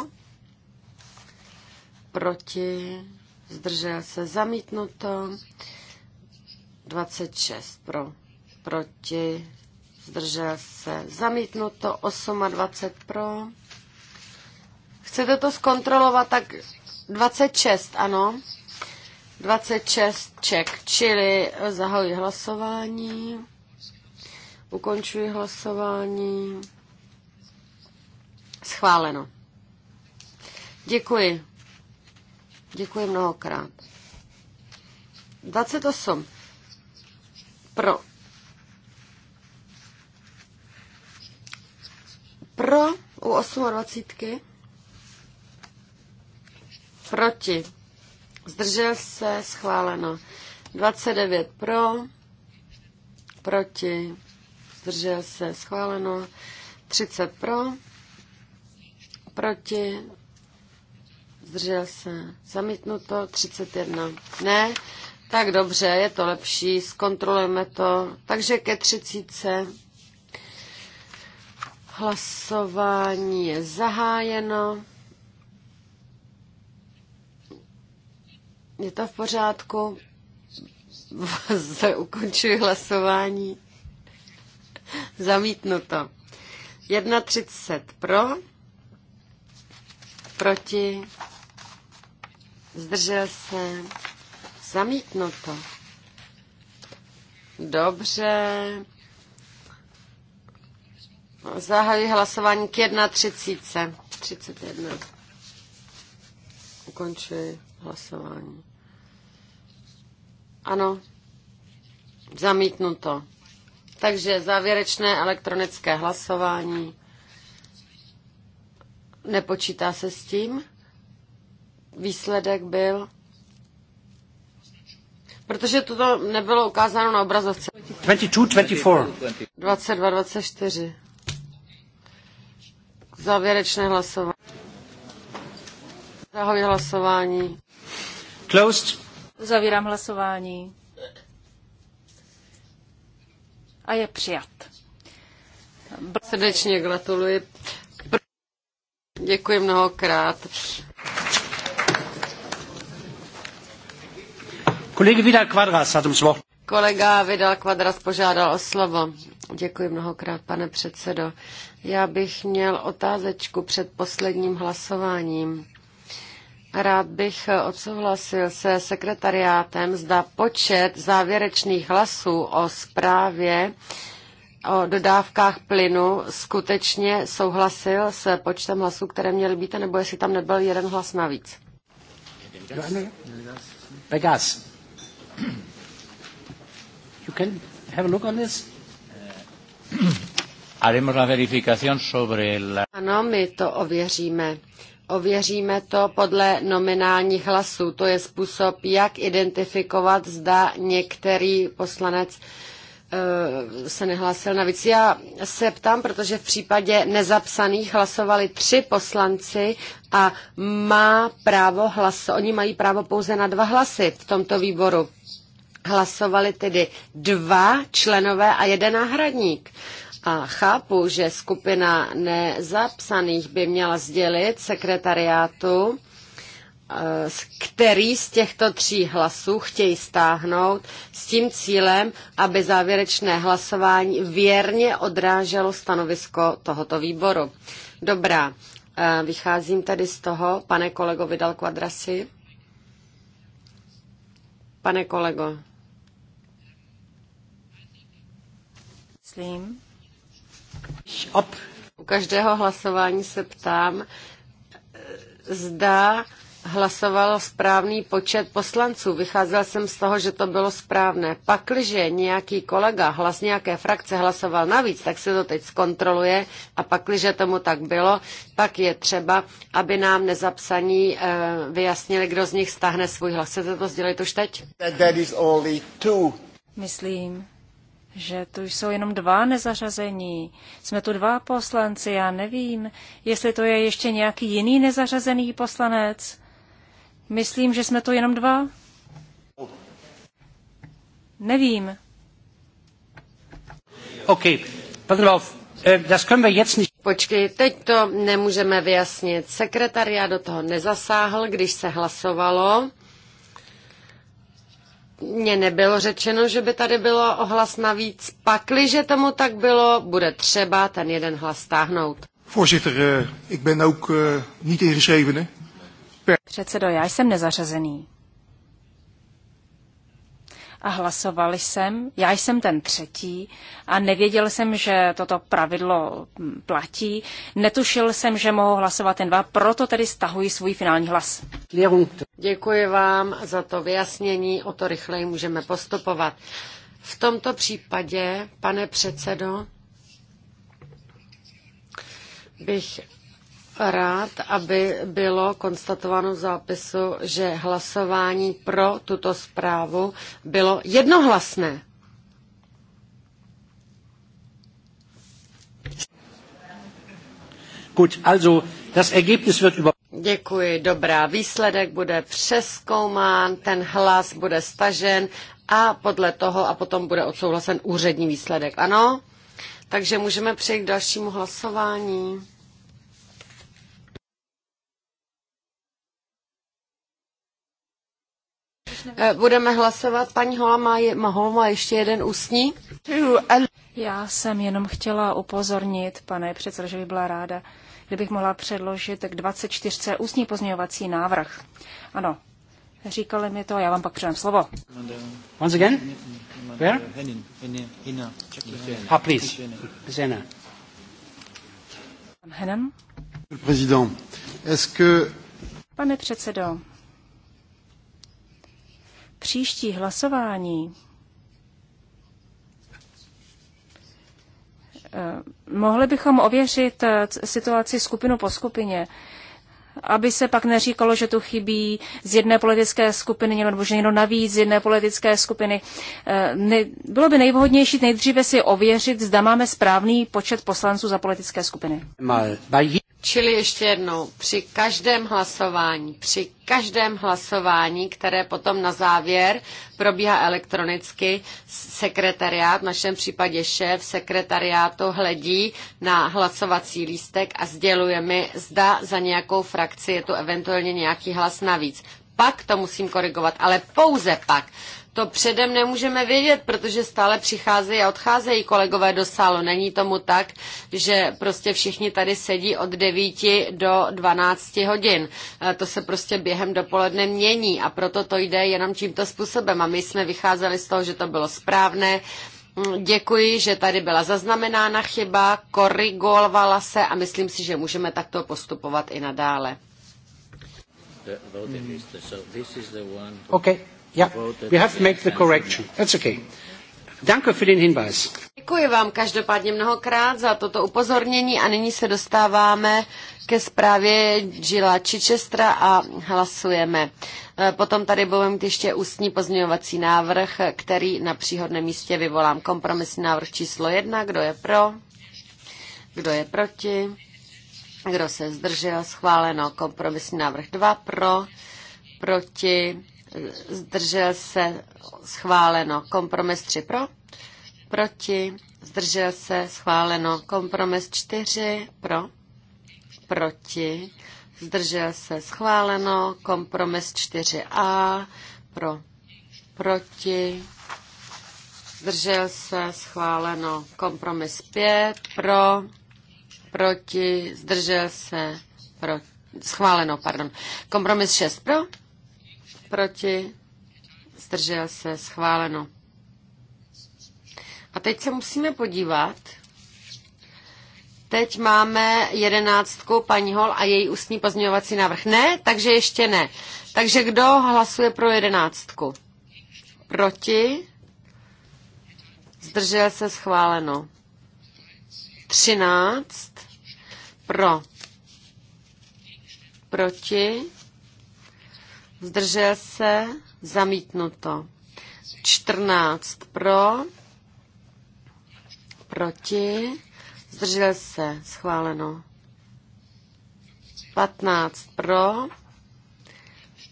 Proti? Zdržel se? Zamítnuto. 26 pro? Proti? zdržel se, zamítnuto, 28 pro. Chcete to zkontrolovat, tak 26, ano. 26 ček, čili zahoji hlasování, ukončuji hlasování, schváleno. Děkuji. Děkuji mnohokrát. 28. Pro Pro u 28. Proti. Zdržel se, schváleno. 29 pro, proti, zdržel se, schváleno. 30 pro, proti, zdržel se, zamítnuto. 31 ne, tak dobře, je to lepší, zkontrolujeme to. Takže ke 30 Hlasování je zahájeno. Je to v pořádku? <laughs> Ukončuji hlasování. Zamítnuto. 1,30 pro, proti, zdržel se, zamítnuto. Dobře, Zahajuji hlasování k 1.30. 31. Ukončuji hlasování. Ano, zamítnuto. Takže závěrečné elektronické hlasování. Nepočítá se s tím. Výsledek byl. Protože toto nebylo ukázáno na obrazovce. 22, 24. 22, 24. Závěrečné hlasování. Zahajuji hlasování. Closed. Zavírám hlasování. A je přijat. Srdečně gratuluji. Děkuji mnohokrát. Kolega Vidal Quadras požádal o slovo. Děkuji mnohokrát, pane předsedo. Já bych měl otázečku před posledním hlasováním. Rád bych odsouhlasil se sekretariátem, zda počet závěrečných hlasů o zprávě o dodávkách plynu skutečně souhlasil s počtem hlasů, které měly být, nebo jestli tam nebyl jeden hlas navíc. Vegas. You can have a look on this. <clears throat> Haremos la verificación sobre la... Ano, my to ověříme. Ověříme to podle nominálních hlasů. To je způsob, jak identifikovat, zda některý poslanec eh, se nehlásil navíc. Já se ptám, protože v případě nezapsaných hlasovali tři poslanci a má právo hlas, oni mají právo pouze na dva hlasy v tomto výboru. Hlasovali tedy dva členové a jeden náhradník. A chápu, že skupina nezapsaných by měla sdělit sekretariátu, eh, který z těchto tří hlasů chtějí stáhnout s tím cílem, aby závěrečné hlasování věrně odráželo stanovisko tohoto výboru. Dobrá, eh, vycházím tedy z toho, pane kolego Vidal Quadrasi. Pane kolego, myslím. Op. U každého hlasování se ptám, zda hlasoval správný počet poslanců. Vycházel jsem z toho, že to bylo správné. Pakliže nějaký kolega hlas nějaké frakce hlasoval navíc, tak se to teď zkontroluje a pakliže tomu tak bylo, pak je třeba, aby nám nezapsaní e, vyjasnili, kdo z nich stáhne svůj hlas. Chcete to sdělit už teď? That, that is only two. Myslím, že tu jsou jenom dva nezařazení. Jsme tu dva poslanci, já nevím, jestli to je ještě nějaký jiný nezařazený poslanec. Myslím, že jsme tu jenom dva. Nevím. OK, eh, Počkej, teď to nemůžeme vyjasnit. Sekretariát do toho nezasáhl, když se hlasovalo mně nebylo řečeno, že by tady bylo o hlas navíc. Pakliže tomu tak bylo, bude třeba ten jeden hlas stáhnout. Voorzitter, eh, ik ben ook eh, niet Předsedo, já jsem nezařazený a hlasoval jsem. Já jsem ten třetí a nevěděl jsem, že toto pravidlo platí. Netušil jsem, že mohu hlasovat ten dva, proto tedy stahuji svůj finální hlas. Děkuji vám za to vyjasnění, o to rychleji můžeme postupovat. V tomto případě, pane předsedo, bych rád, aby bylo konstatováno v zápisu, že hlasování pro tuto zprávu bylo jednohlasné. Gut, also das Ergebnis wird über Děkuji, dobrá. Výsledek bude přeskoumán, ten hlas bude stažen a podle toho a potom bude odsouhlasen úřední výsledek. Ano? Takže můžeme přejít k dalšímu hlasování. Eh, budeme hlasovat. Paní Hola má, je, Hola má ještě jeden ústní. Já jsem jenom chtěla upozornit, pane předsedo, že by byla ráda, kdybych mohla předložit k 24. ústní pozměňovací návrh. Ano, říkali mi to, já vám pak předám slovo. Once again? Where? Ha, ah, please. Zena. Henem. Pane předsedo, příští hlasování eh, mohli bychom ověřit eh, situaci skupinu po skupině, aby se pak neříkalo, že tu chybí z jedné politické skupiny nebo že někdo navíc z jedné politické skupiny. Eh, bylo by nejvhodnější nejdříve si ověřit, zda máme správný počet poslanců za politické skupiny. Čili ještě jednou, při každém hlasování, při každém hlasování, které potom na závěr probíhá elektronicky, sekretariát, v našem případě šéf sekretariátu hledí na hlasovací lístek a sděluje mi, zda za nějakou frakci je tu eventuálně nějaký hlas navíc. Pak to musím korigovat, ale pouze pak to předem nemůžeme vědět, protože stále přicházejí a odcházejí kolegové do sálu. Není tomu tak, že prostě všichni tady sedí od 9 do 12 hodin. Eh, to se prostě během dopoledne mění a proto to jde jenom tímto způsobem. A my jsme vycházeli z toho, že to bylo správné. Mm, děkuji, že tady byla zaznamenána chyba, korigovala se a myslím si, že můžeme takto postupovat i nadále. Okay we have to make the correction. That's okay. Danke für den Hinweis. Děkuji vám každopádně mnohokrát za toto upozornění a nyní se dostáváme ke zprávě Žila Čičestra a hlasujeme. E, potom tady budeme mít ještě ústní pozměňovací návrh, který na příhodném místě vyvolám. Kompromisní návrh číslo jedna. Kdo je pro? Kdo je proti? Kdo se zdržel? Schváleno. Kompromisní návrh dva. Pro? Proti? zdržel se, schváleno. Kompromis 3 pro, proti, zdržel se, schváleno. Kompromis 4 pro, proti, zdržel se, schváleno. Kompromis 4a pro, proti, zdržel se, schváleno. Kompromis 5 pro, proti, zdržel se, pro, schváleno, pardon. Kompromis 6 pro, proti, zdržel se, schváleno. A teď se musíme podívat. Teď máme jedenáctku paní Hol a její ústní pozměňovací návrh. Ne, takže ještě ne. Takže kdo hlasuje pro jedenáctku? Proti? Zdržel se schváleno. Třináct. Pro. Proti? zdržel se, zamítnuto. 14 pro, proti, zdržel se, schváleno. 15 pro,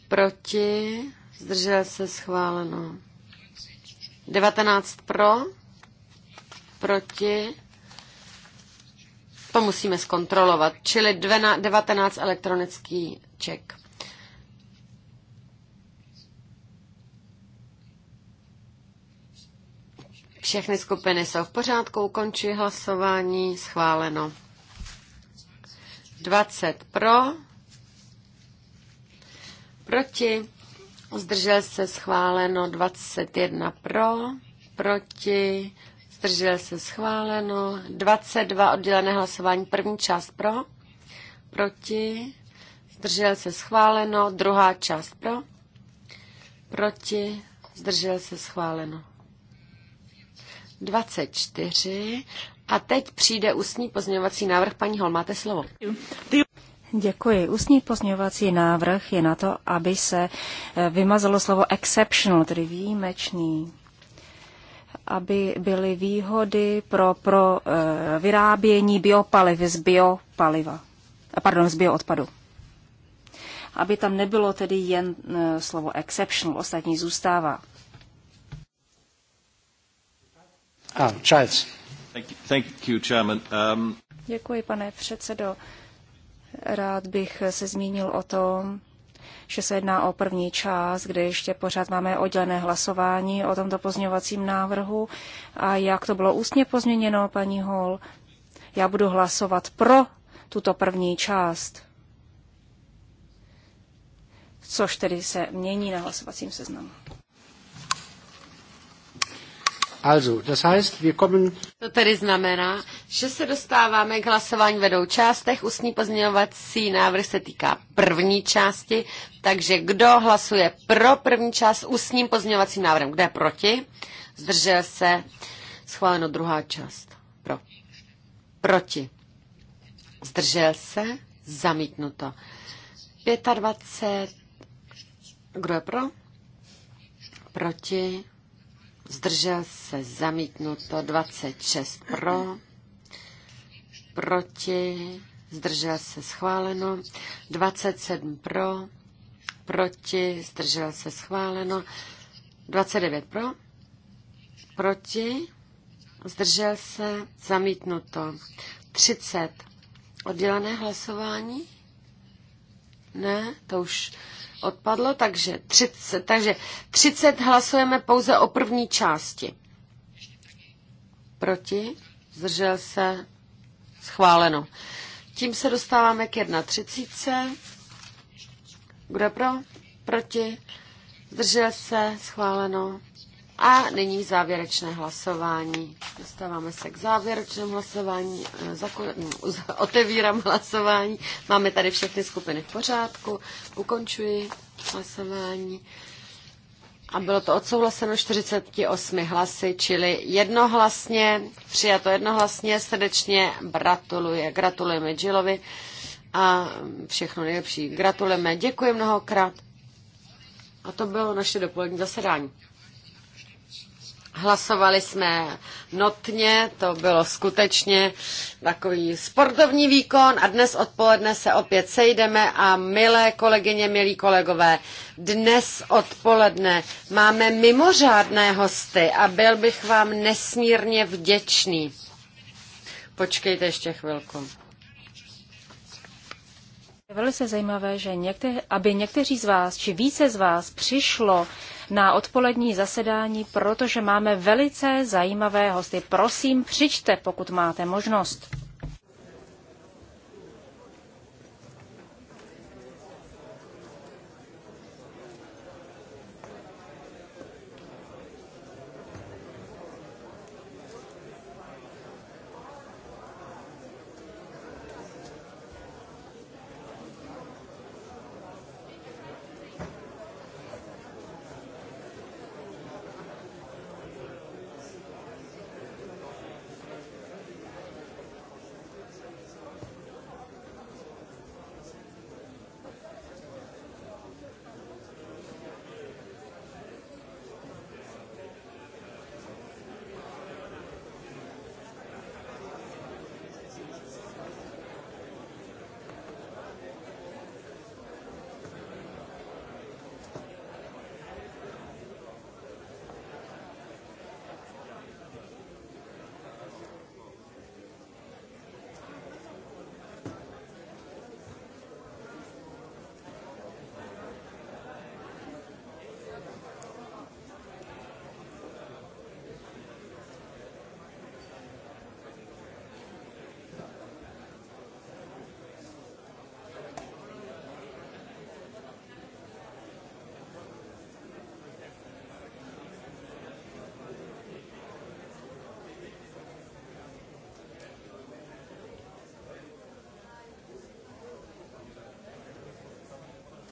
proti, zdržel se, schváleno. 19 pro, proti, to musíme zkontrolovat, čili 19 elektronický ček. Všechny skupiny jsou v pořádku, ukončuji hlasování, schváleno. 20 pro, proti, zdržel se schváleno, 21 pro, proti, zdržel se schváleno, 22 oddělené hlasování, první část pro, proti, zdržel se schváleno, druhá část pro, proti, zdržel se schváleno. 24. A teď přijde ústní pozměňovací návrh. Paní Hol, máte slovo. Děkuji. Ústní pozměňovací návrh je na to, aby se eh, vymazalo slovo exceptional, tedy výjimečný aby byly výhody pro, pro eh, vyrábění biopaliv z biopaliva, eh, pardon, z bioodpadu. Aby tam nebylo tedy jen slovo exceptional, ostatní zůstává. Ah, Charles. Thank you, Chairman. Um... Děkuji, pane předsedo. Rád bych se zmínil o tom, že se jedná o první část, kde ještě pořád máme oddělené hlasování o tomto pozměňovacím návrhu. A jak to bylo ústně pozměněno, paní Hol, já budu hlasovat pro tuto první část, což tedy se mění na hlasovacím seznamu. Also, das heißt, wir kommen... To tedy znamená, že se dostáváme k hlasování ve dvou částech. Ústní pozměňovací návrh se týká první části, takže kdo hlasuje pro první část ústním pozměňovacím návrhem, kde je proti? Zdržel se. Schváleno druhá část. Pro. Proti. Zdržel se. Zamítnuto. 25. Kdo je pro? Proti zdržel se zamítnuto 26 pro, proti, zdržel se schváleno, 27 pro, proti, zdržel se schváleno, 29 pro, proti, zdržel se zamítnuto, 30 oddělené hlasování, ne, to už odpadlo, takže 30, takže 30 hlasujeme pouze o první části. Proti? Zdržel se? Schváleno. Tím se dostáváme k 31. Kdo pro? Proti? Zdržel se? Schváleno. A nyní závěrečné hlasování. Dostáváme se k závěrečnému hlasování. Eh, hm, <laughs> otevírám hlasování. Máme tady všechny skupiny v pořádku. Ukončuji hlasování. A bylo to odsouhlaseno 48 hlasy, čili jednohlasně, přijato jednohlasně, srdečně gratuluje. Gratulujeme Jillovi a všechno nejlepší. Gratulujeme, děkuji mnohokrát. A to bylo naše dopolední zasedání. Hlasovali jsme notně, to bylo skutečně takový sportovní výkon a dnes odpoledne se opět sejdeme a milé kolegyně, milí kolegové, dnes odpoledne máme mimořádné hosty a byl bych vám nesmírně vděčný. Počkejte ještě chvilku. Je velice zajímavé, že někte, aby někteří z vás, či více z vás přišlo na odpolední zasedání, protože máme velice zajímavé hosty. Prosím, přičte, pokud máte možnost.